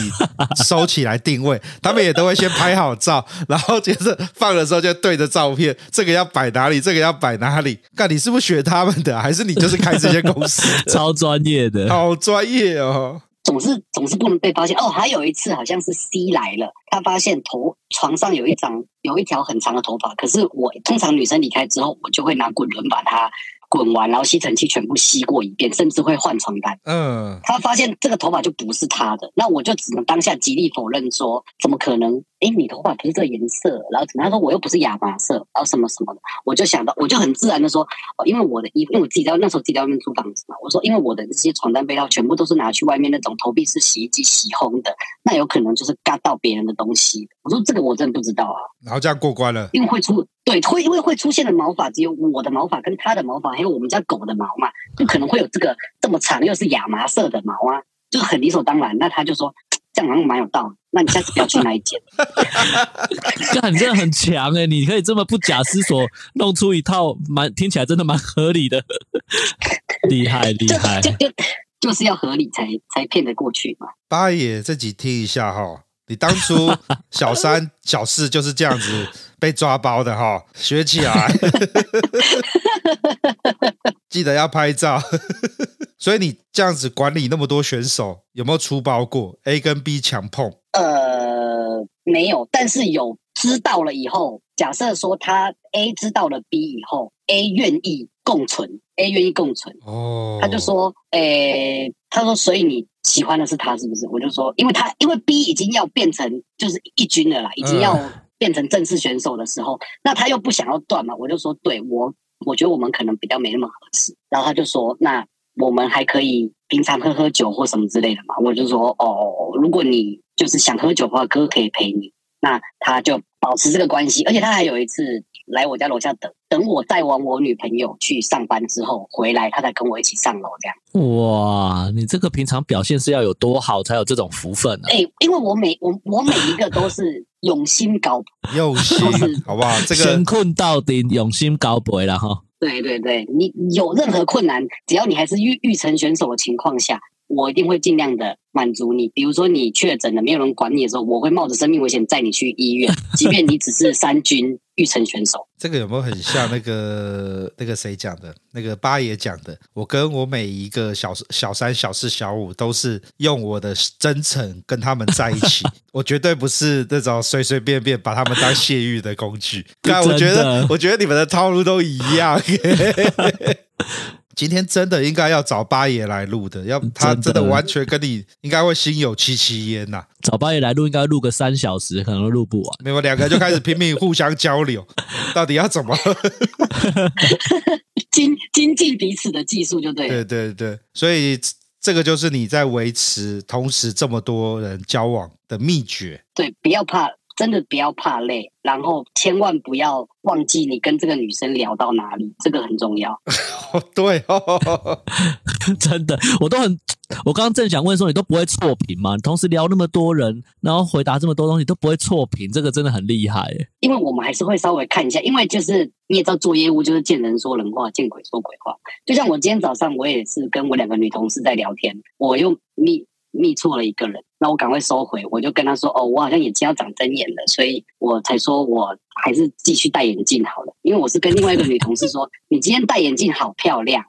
收起來定位。 他們也都會先拍好照，然後接着放的時候就對着照片，這個要擺哪裡，這個要擺哪裡。看，你是不是學他們的，還是你就是開這些公司？超專業的，好專業哦。總是總是不能被發現哦，還有一次好像是 C 來了，他發現頭床上有一張有一條很長的頭髮，可是我通常女生離開之後，我就會拿滾輪把它。滾完，然後吸塵器全部吸過一遍，甚至會換床單。嗯，他發現這個頭髮就不是他的，那我就只能當下極力否認說，怎麼可能？哎，你頭髮不是這個顏色，然後他說我又不是亞麻色，然後什麼什麼的，我就想到，我就很自然的說，哦，因為我的衣服，因為我自己在那時候在外面租房子嘛，我說因為我的這些床單被套全部都是拿去外面那種投幣式洗衣機洗烘的，那有可能就是嘎到別人的東西。我說這個我真的不知道啊，然後這樣過關了，因為會出。對，會因為會出現的毛髮只有我的毛髮跟他的毛髮，還有我們家狗的毛嘛，不可能會有這個這麼長又是亞麻色的毛啊，就很理所當然。那他就說這樣好像蠻有道理，那你下次不要去那一間。這很這很強，你可以這麼不假思索弄出一套蠻聽起來真的蠻合理的，厲 害厲害，厲害。就就就，就是要合理才才騙得過去嘛。八爺，自己聽一下哈、哦，你當初小三 小四就是這樣子。 被抓包的哈，學起來， 記得要拍照。 所以你這樣子管理那麼多選手，有沒有出包過？A 跟 B 強碰？呃，沒有，但是有知道了以後，假設說他 A 知道了 B 以後，A 願意共存，A 願意共存哦，他就說，誒、欸，他說，所以你喜歡的是他是不是？我就說，因為他因為 B 已經要變成就是一軍了啦，嗯、已經要。變成正式選手的時候，那他又不想要斷嘛，我就說，對我，我覺得我們可能比較沒那麼合適。然後他就說，那我們還可以平常喝喝酒或什麼之類的嘛。我就說，哦，如果你就是想喝酒的話，哥可以陪你。那他就保持這個關係，而且他還有一次來我家樓下等，等我帶完我女朋友去上班之後回來，他才跟我一起上樓這樣。哇，你這個平常表現是要有多好才有這種福分呢？啊？哎、欸，因為我每我我每一個都是。 用心搞，用心好不好？這個先困到底，用心搞不會了哈。對對對，你有任何困難，只要你還是育育成選手的情況下，我一定會盡量的滿足你。比如說，你確診了沒有人管你的時候，我會冒着生命危險帶你去醫院，即便你只是三軍玉成選手。這個有沒有很像那個那個誰講的？那個八爺講的？我跟我每一個小小三、小四、小五都是用我的真誠跟他們在一起。 我絕對不是那種隨隨便便把他們當洩慾的工具。那 我覺得，的我覺得你們的套路都一樣。嘿嘿嘿 今天真的應該要找八爺來錄的，要他真的完全跟你應該會心有戚戚焉吶。找八爺來錄，應該錄個三小時，可能錄不完。沒有，兩個就開始拼命互相交流， 到底要怎麼了？精精進彼此的技術就對了。對對對，所以這個就是你在維持同時這麼多人交往的秘訣。對，不要怕。真的不要怕累，然後千萬不要忘記你跟這個女生聊到哪裡，這個很重要。 對、哦， 真的，我都很，我剛剛正想問說，你都不會錯頻嘛？啊、同時聊那麼多人，然後回答這麼多東西都不會錯頻，這個真的很厲害。因為我們還是會稍微看一下，因為就是你也知道做業務就是見人說人話，見鬼說鬼話。就像我今天早上，我也是跟我兩個女同事在聊天，我又你。密錯了一個人，那我趕快收回。我就跟他說：“哦，我好像眼睛要長針眼了，所以我才說，我還是繼續戴眼鏡好了。因為我是跟另外一個女同事說， 你今天戴眼鏡好漂亮，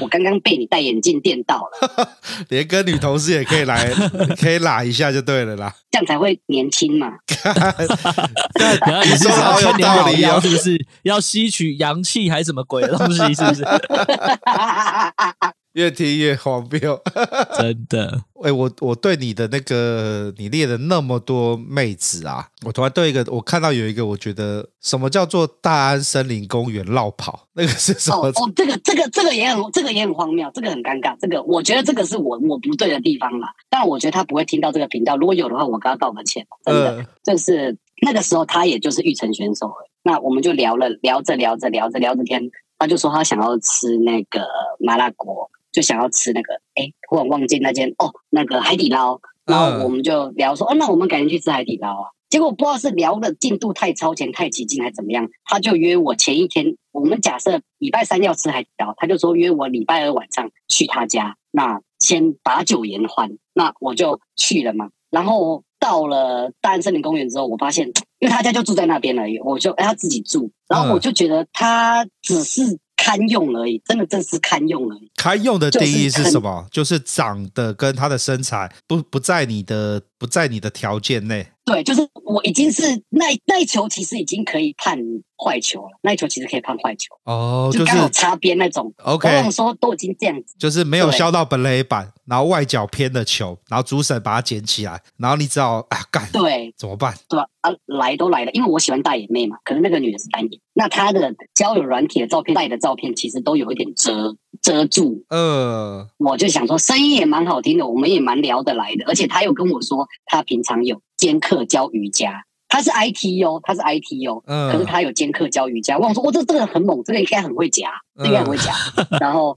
我剛剛被你戴眼鏡電到了。 連個女同事也可以來， 可以拉一下就對了啦，這樣才會年輕嘛。你說也好有道理 是不是？要吸取陽氣還是什麼鬼的東西？是不是？” 越聽越荒謬， 真的。哎、欸，我我對你的那個，你列的那麼多妹子啊，我突然對一個，我看到有一個，我覺得什麼叫做大安森林公園落跑，那個是什麼？哦，哦，這個這個這個也很這個也很荒謬，這個很尷尬，這個我覺得這個是我我不對的地方啦。但我覺得他不會聽到這個頻道，如果有的話，我跟他道個歉，真的。嗯、就是那個時候他也就是育成選手，欸，那我們就聊了聊着聊着聊着聊着天，他就說他想要吃那個麻辣鍋。就想要吃那個，哎，忽然忘記那間哦，那個海底撈，然後我們就聊說，嗯哦、那我們改天去吃海底撈啊。結果不知道是聊的進度太超前太激進，還是怎麼樣，他就約我前一天，我們假設禮拜三要吃海底撈，他就說約我禮拜二晚上去他家，那先把酒言歡。那我就去了嘛。然後到了大安森林公園之後，我發現，因為他家就住在那邊而已，我就哎他自己住，然後我就覺得他只是。堪用而已，真的真是堪用而已。堪用的定義是什麼？就是，就是長得跟他的身材不不在你的，不在你的條件內。對，就是我已經是那一那一球，其實已經可以判壞球了。那一球其實可以判壞球了，哦，就是擦邊那種。OK，那種時候都已經這樣子，就是沒有削到本壘板，對然後外角偏的球，然後主審把它撿起來，然後你知道啊，幹，對怎麼辦？對啊，來都來了，因為我喜歡大眼妹嘛。可是那個女的是單眼，那她的交友軟體的照片、戴的照片，其實都有一點遮。遮住，呃、uh，我就想說，聲音也蠻好聽的，我們也蠻聊得來的，而且他又跟我說，他平常有兼課教瑜伽。他是 IT 哦，他是 IT 哦，嗯、可是他有兼課教瑜伽。我我想說我、哦、這這個人很猛，這個應該很會夾，嗯、這個很會夾。然後，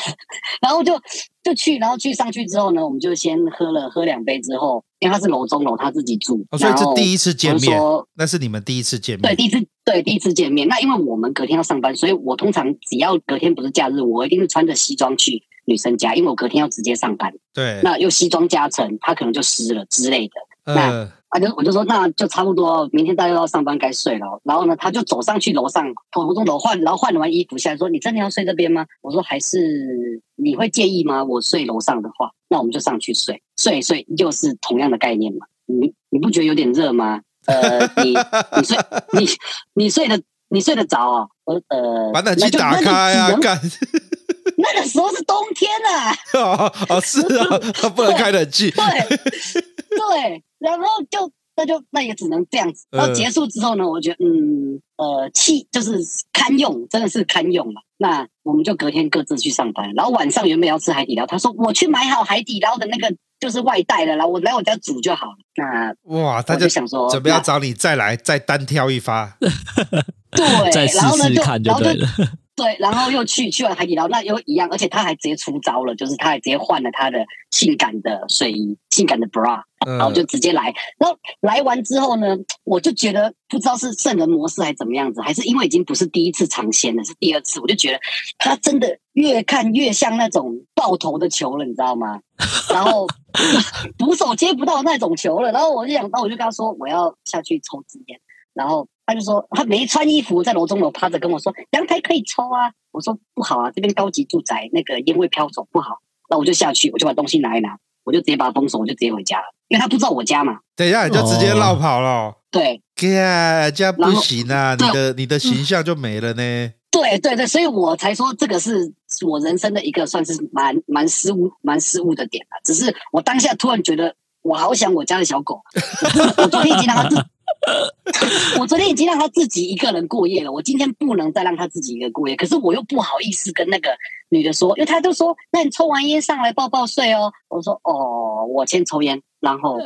然後就就去，然後去上去之後呢，我們就先喝了喝兩杯之後，因為他是樓中樓，他自己住，哦、後所以是第一次見面，那是你們第一次見面，對，第一次對第一次見面。那因為我們隔天要上班，所以我通常只要隔天不是假日，我一定是穿着西裝去女生家，因為我隔天要直接上班。對，那又西裝加成，他可能就濕了之類的。呃、那。啊，就我就說，那就差不多，明天大家都要上班，該睡了。然後呢，他就走上去樓上，普不樓換，然後換了完衣服下來，說：“你真的要睡這邊嗎？”我說：“還是你會介意嗎？我睡樓上的話，那我們就上去睡，睡一睡就是同樣的概念嘛。你你不覺得有點熱嗎？呃，你你睡你你睡得你睡得着啊？我說呃，把暖冷氣、那個、打開啊！個幹，那個時候是冬天啊。啊是啊，不能開冷氣對。對對。”然後就那就那也只能這樣子。然後結束之後呢，我覺得嗯呃，氣就是堪用，真的是堪用了。那我們就隔天各自去上班。然後晚上原本要吃海底撈，他說我去買好海底撈的那個就是外帶的，然後我來我家煮就好了。那哇，他就，就想說準備要找你再來、啊、再單挑一發， 對，再試試看就對了。然後 對，然後又去去完海底撈，那又一樣，而且他還直接出招了，就是他還直接換了他的性感的睡衣、性感的 bra，然後就直接來。然後來完之後呢，我就覺得不知道是聖人模式還是怎麼樣子，還是因為已經不是第一次嘗鮮了，是第二次，我就覺得他真的越看越像那種爆頭的球了，你知道嗎？然後捕 手接不到那種球了，然後我就想到，我就跟他說我要下去抽支菸，然後。他就說他沒穿衣服，在樓中樓趴着跟我說，陽台可以抽啊。我說不好啊，這邊高級住宅那個煙味飄走不好。那我就下去，我就把東西拿一拿，我就直接把它封鎖，我就直接回家了。因為他不知道我家嘛。等一下你就直接落跑了？哦。對，這樣不行啊，你的你的形象就沒了呢。嗯、對對對，所以我才說這個是我人生的一個算是蠻蠻失誤蠻失誤的點了，啊。只是我當下突然覺得我好想我家的小狗，我最近經常 我昨天已經讓他自己一個人過夜了，我今天不能再讓他自己一個人過夜。可是我又不好意思跟那個女的說，因為他就說：“那你抽完煙上來抱抱睡哦。”我說：“哦，我先抽煙，然後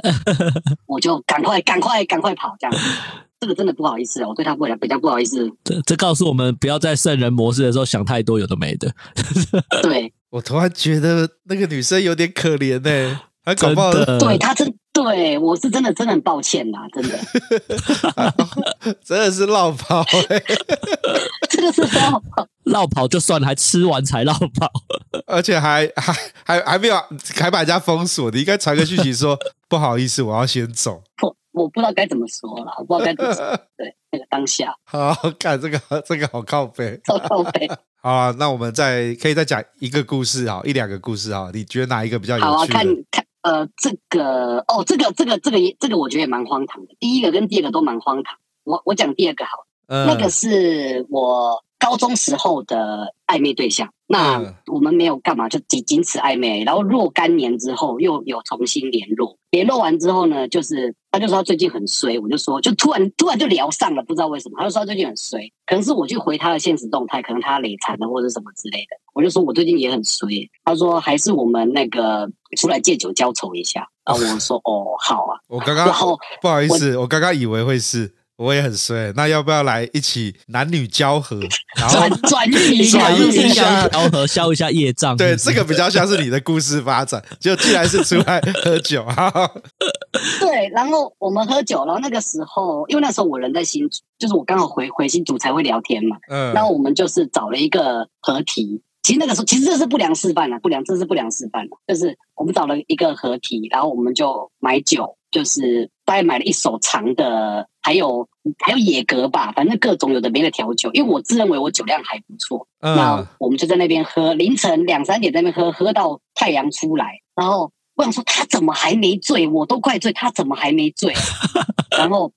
我就趕快、趕快、趕快跑這樣 這個真的不好意思，我對他過來比較不好意思。這這告訴我們，不要在聖人模式的時候想太多，有的沒的。 對，我突然覺得那個女生有點可憐呢、欸，還搞不好對她真。他對，我是真的真的很抱歉吶、啊，真的， 真的是落跑，這個是落跑，落跑就算，還吃完才落跑，而且還還還還沒有還把人家封鎖，你應該傳個訊息說 不好意思，我要先走，我不知道該怎麼說了，我不知道該怎麼說怎麼 對那個當下，好，看這個這個好靠北，靠好靠北，好，那我們再可以再講一個故事哈，一兩個故事哈，你覺得哪一個比較有趣好、啊？看。看呃，這個哦，這個這個這個這個，這個這個、我覺得也蠻荒唐的。第一個跟第二個都蠻荒唐。我我講第二個好了，嗯、那個是我。高中時候的曖昧對象，那我們沒有幹嘛，嗯、就僅僅此曖昧。然後若干年之後又有重新聯絡，聯絡完之後呢，就是他就說他最近很衰，我就說就突然突然就聊上了，不知道為什麼。他就說他最近很衰，可能是我去回他的現實動態，可能他累慘了或者什麼之類的。我就說我最近也很衰。他說還是我們那個出來借酒澆愁一下啊。哦、我說哦，好啊。我剛剛然後不好意思，我，我剛剛以為會是。我也很衰，那要不要來一起男女交合，然後轉一轉,轉一下，然後和消一下業障？對，是是這個比較像是你的故事發展。對就既然是出來喝酒， 好對，然後我們喝酒，然後那個時候，因為那時候我人在新，就是我剛好回回新竹才會聊天嘛。嗯，然後我們就是找了一個河堤。其實那個時候，其實這是不良示範了、啊，不良這是不良示範、啊，就是我們找了一個河堤，然後我們就買酒，就是大概買了一手長的。還有還有野格吧，反正各種有的沒的調酒，因為我自認為我酒量還不錯，嗯、那我們就在那邊喝，凌晨兩三點在那邊喝，喝到太陽出來，然後我想說他怎麼還沒醉，我都快醉，他怎麼還沒醉？ 然後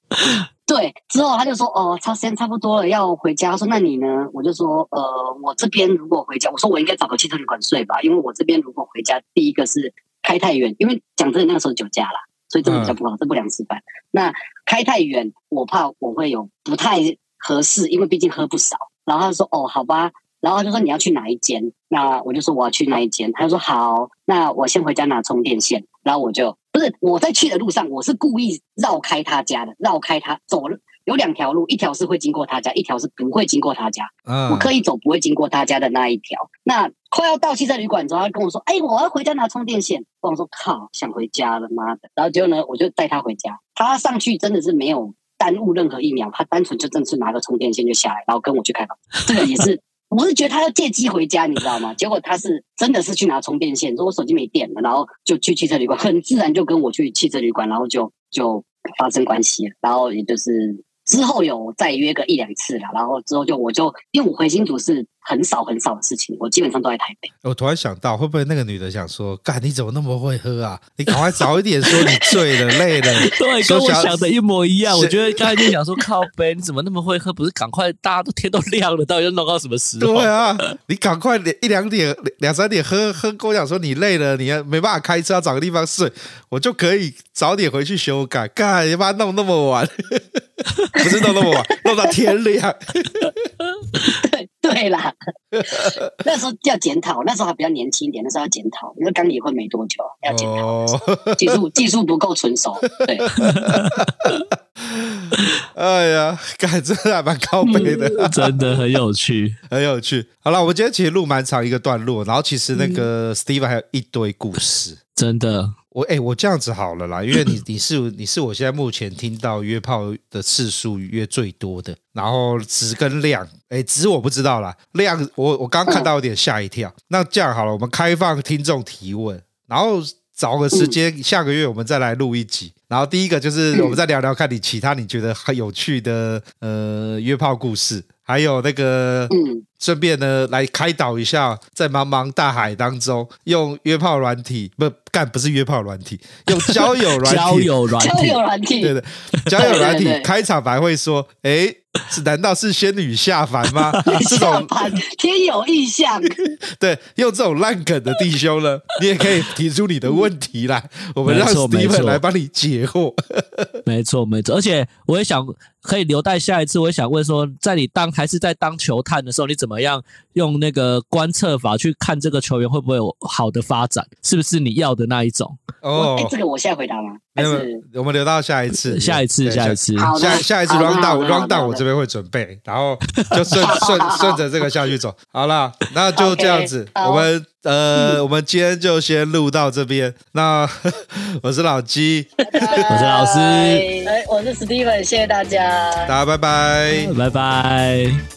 對，之後他就說哦，差時間差不多了，要回家。說那你呢？我就說呃，我這邊如果回家，我說我應該找個汽車旅館睡吧，因為我這邊如果回家，第一個是開太遠，因為講真的那個時候酒駕啦。所以這個比較不好，嗯、這不良示範。那開太遠，我怕我會有不太合適，因為畢竟喝不少。然後他就說：“哦，好吧。”然後他就說：“你要去哪一間？”那我就說：“我要去哪一間？”他就說：“好，那我先回家拿充電線。”然後我就不是，我在去的路上，我是故意繞開他家的，繞開他走。有兩條路，一條是會經過他家，一條是不會經過他家。嗯、我刻意走不會經過他家的那一條。那快要到汽車旅館之後，他跟我說：“哎、欸，我要回家拿充電線。”我說：“靠，想回家了，媽的！”然後結果呢，我就帶他回家。他上去真的是沒有耽誤任何一秒，他單純就正式拿個充電線就下來，然後跟我去開房。 這個也是，我是覺得他要借機回家，你知道嗎？結果他是真的是去拿充電線，說我手機沒電了，然後就去汽車旅館，很自然就跟我去汽車旅館，然後就就發生關係了。然後也就是之後有再約個一兩次了，然後之後就我就因為我回新竹是。很少很少的事情，我基本上都在台北。我突然想到，會不會那個女的想說：“幹，你怎麼那麼會喝啊？你趕快早一點說你醉了、 累了。”對，想跟我想的一模一樣。是我覺得剛才就想說：“靠杯，你怎麼那麼會喝？不是趕快，大家都天都亮了，到底要弄到什麼時候？”對啊，你趕快一兩點、兩三點喝喝，我想說你累了，你沒辦法開車，要找個地方睡，我就可以早點回去修改。幹，你媽弄那麼晚， 不是弄那麼晚，弄到天亮。 對啦，那時候叫檢討，那時候還比較年輕一點，那時候要檢討，因為剛離婚沒多久，啊，要檢討、哦、技術 技術不夠純熟。對， 哎呀，感覺還蠻高倍的，嗯，真的很有趣， 很有趣。好了，我們今天其實錄蠻長一個段落，然後其實那個 Steven 還有一堆故事，嗯、真的。我誒、欸、我這樣子好了啦，因為你你是你是我現在目前聽到約炮的次數約最多的，然後質跟量，誒、欸，質我不知道啦，量我我剛看到有點嚇一跳。那這樣好了，我們開放聽眾提問，然後找個時間、嗯、下個月我們再來錄一集，然後第一個就是我們再聊聊看你其他你覺得很有趣的呃約炮故事。還有那個，嗯、順便呢，來開導一下，在茫茫大海當中，用約炮軟體不幹，不是約炮軟體，用交友軟體，交友軟體，交友軟體，對交友軟體，開場白會說，哎、欸，是難道是仙女下凡嗎？下凡盤，種天有異象。 對，用這種爛梗的弟兄呢，你也可以提出你的問題來、嗯、我們讓 Steven< 錯>來幫你解惑。沒錯沒錯，而且我也想。可以留待下一次。我想問說，在你當還是在當球探的時候，你怎麼樣用那個觀測法去看這個球員會不會有好的發展？是不是你要的那一種？哦，哎，這個我現在回答嗎？還是有，我們留到下一次，下一次，有下一次，下下一次 run down, run down，我這邊會準備，然後就順 順順着這個下去走。好了，那就這樣子，okay, 我們。呃，嗯、我們今天就先錄到這邊。那我是老雞，我是老師打打，我是史蒂芬。謝謝大家，大家拜拜，拜拜。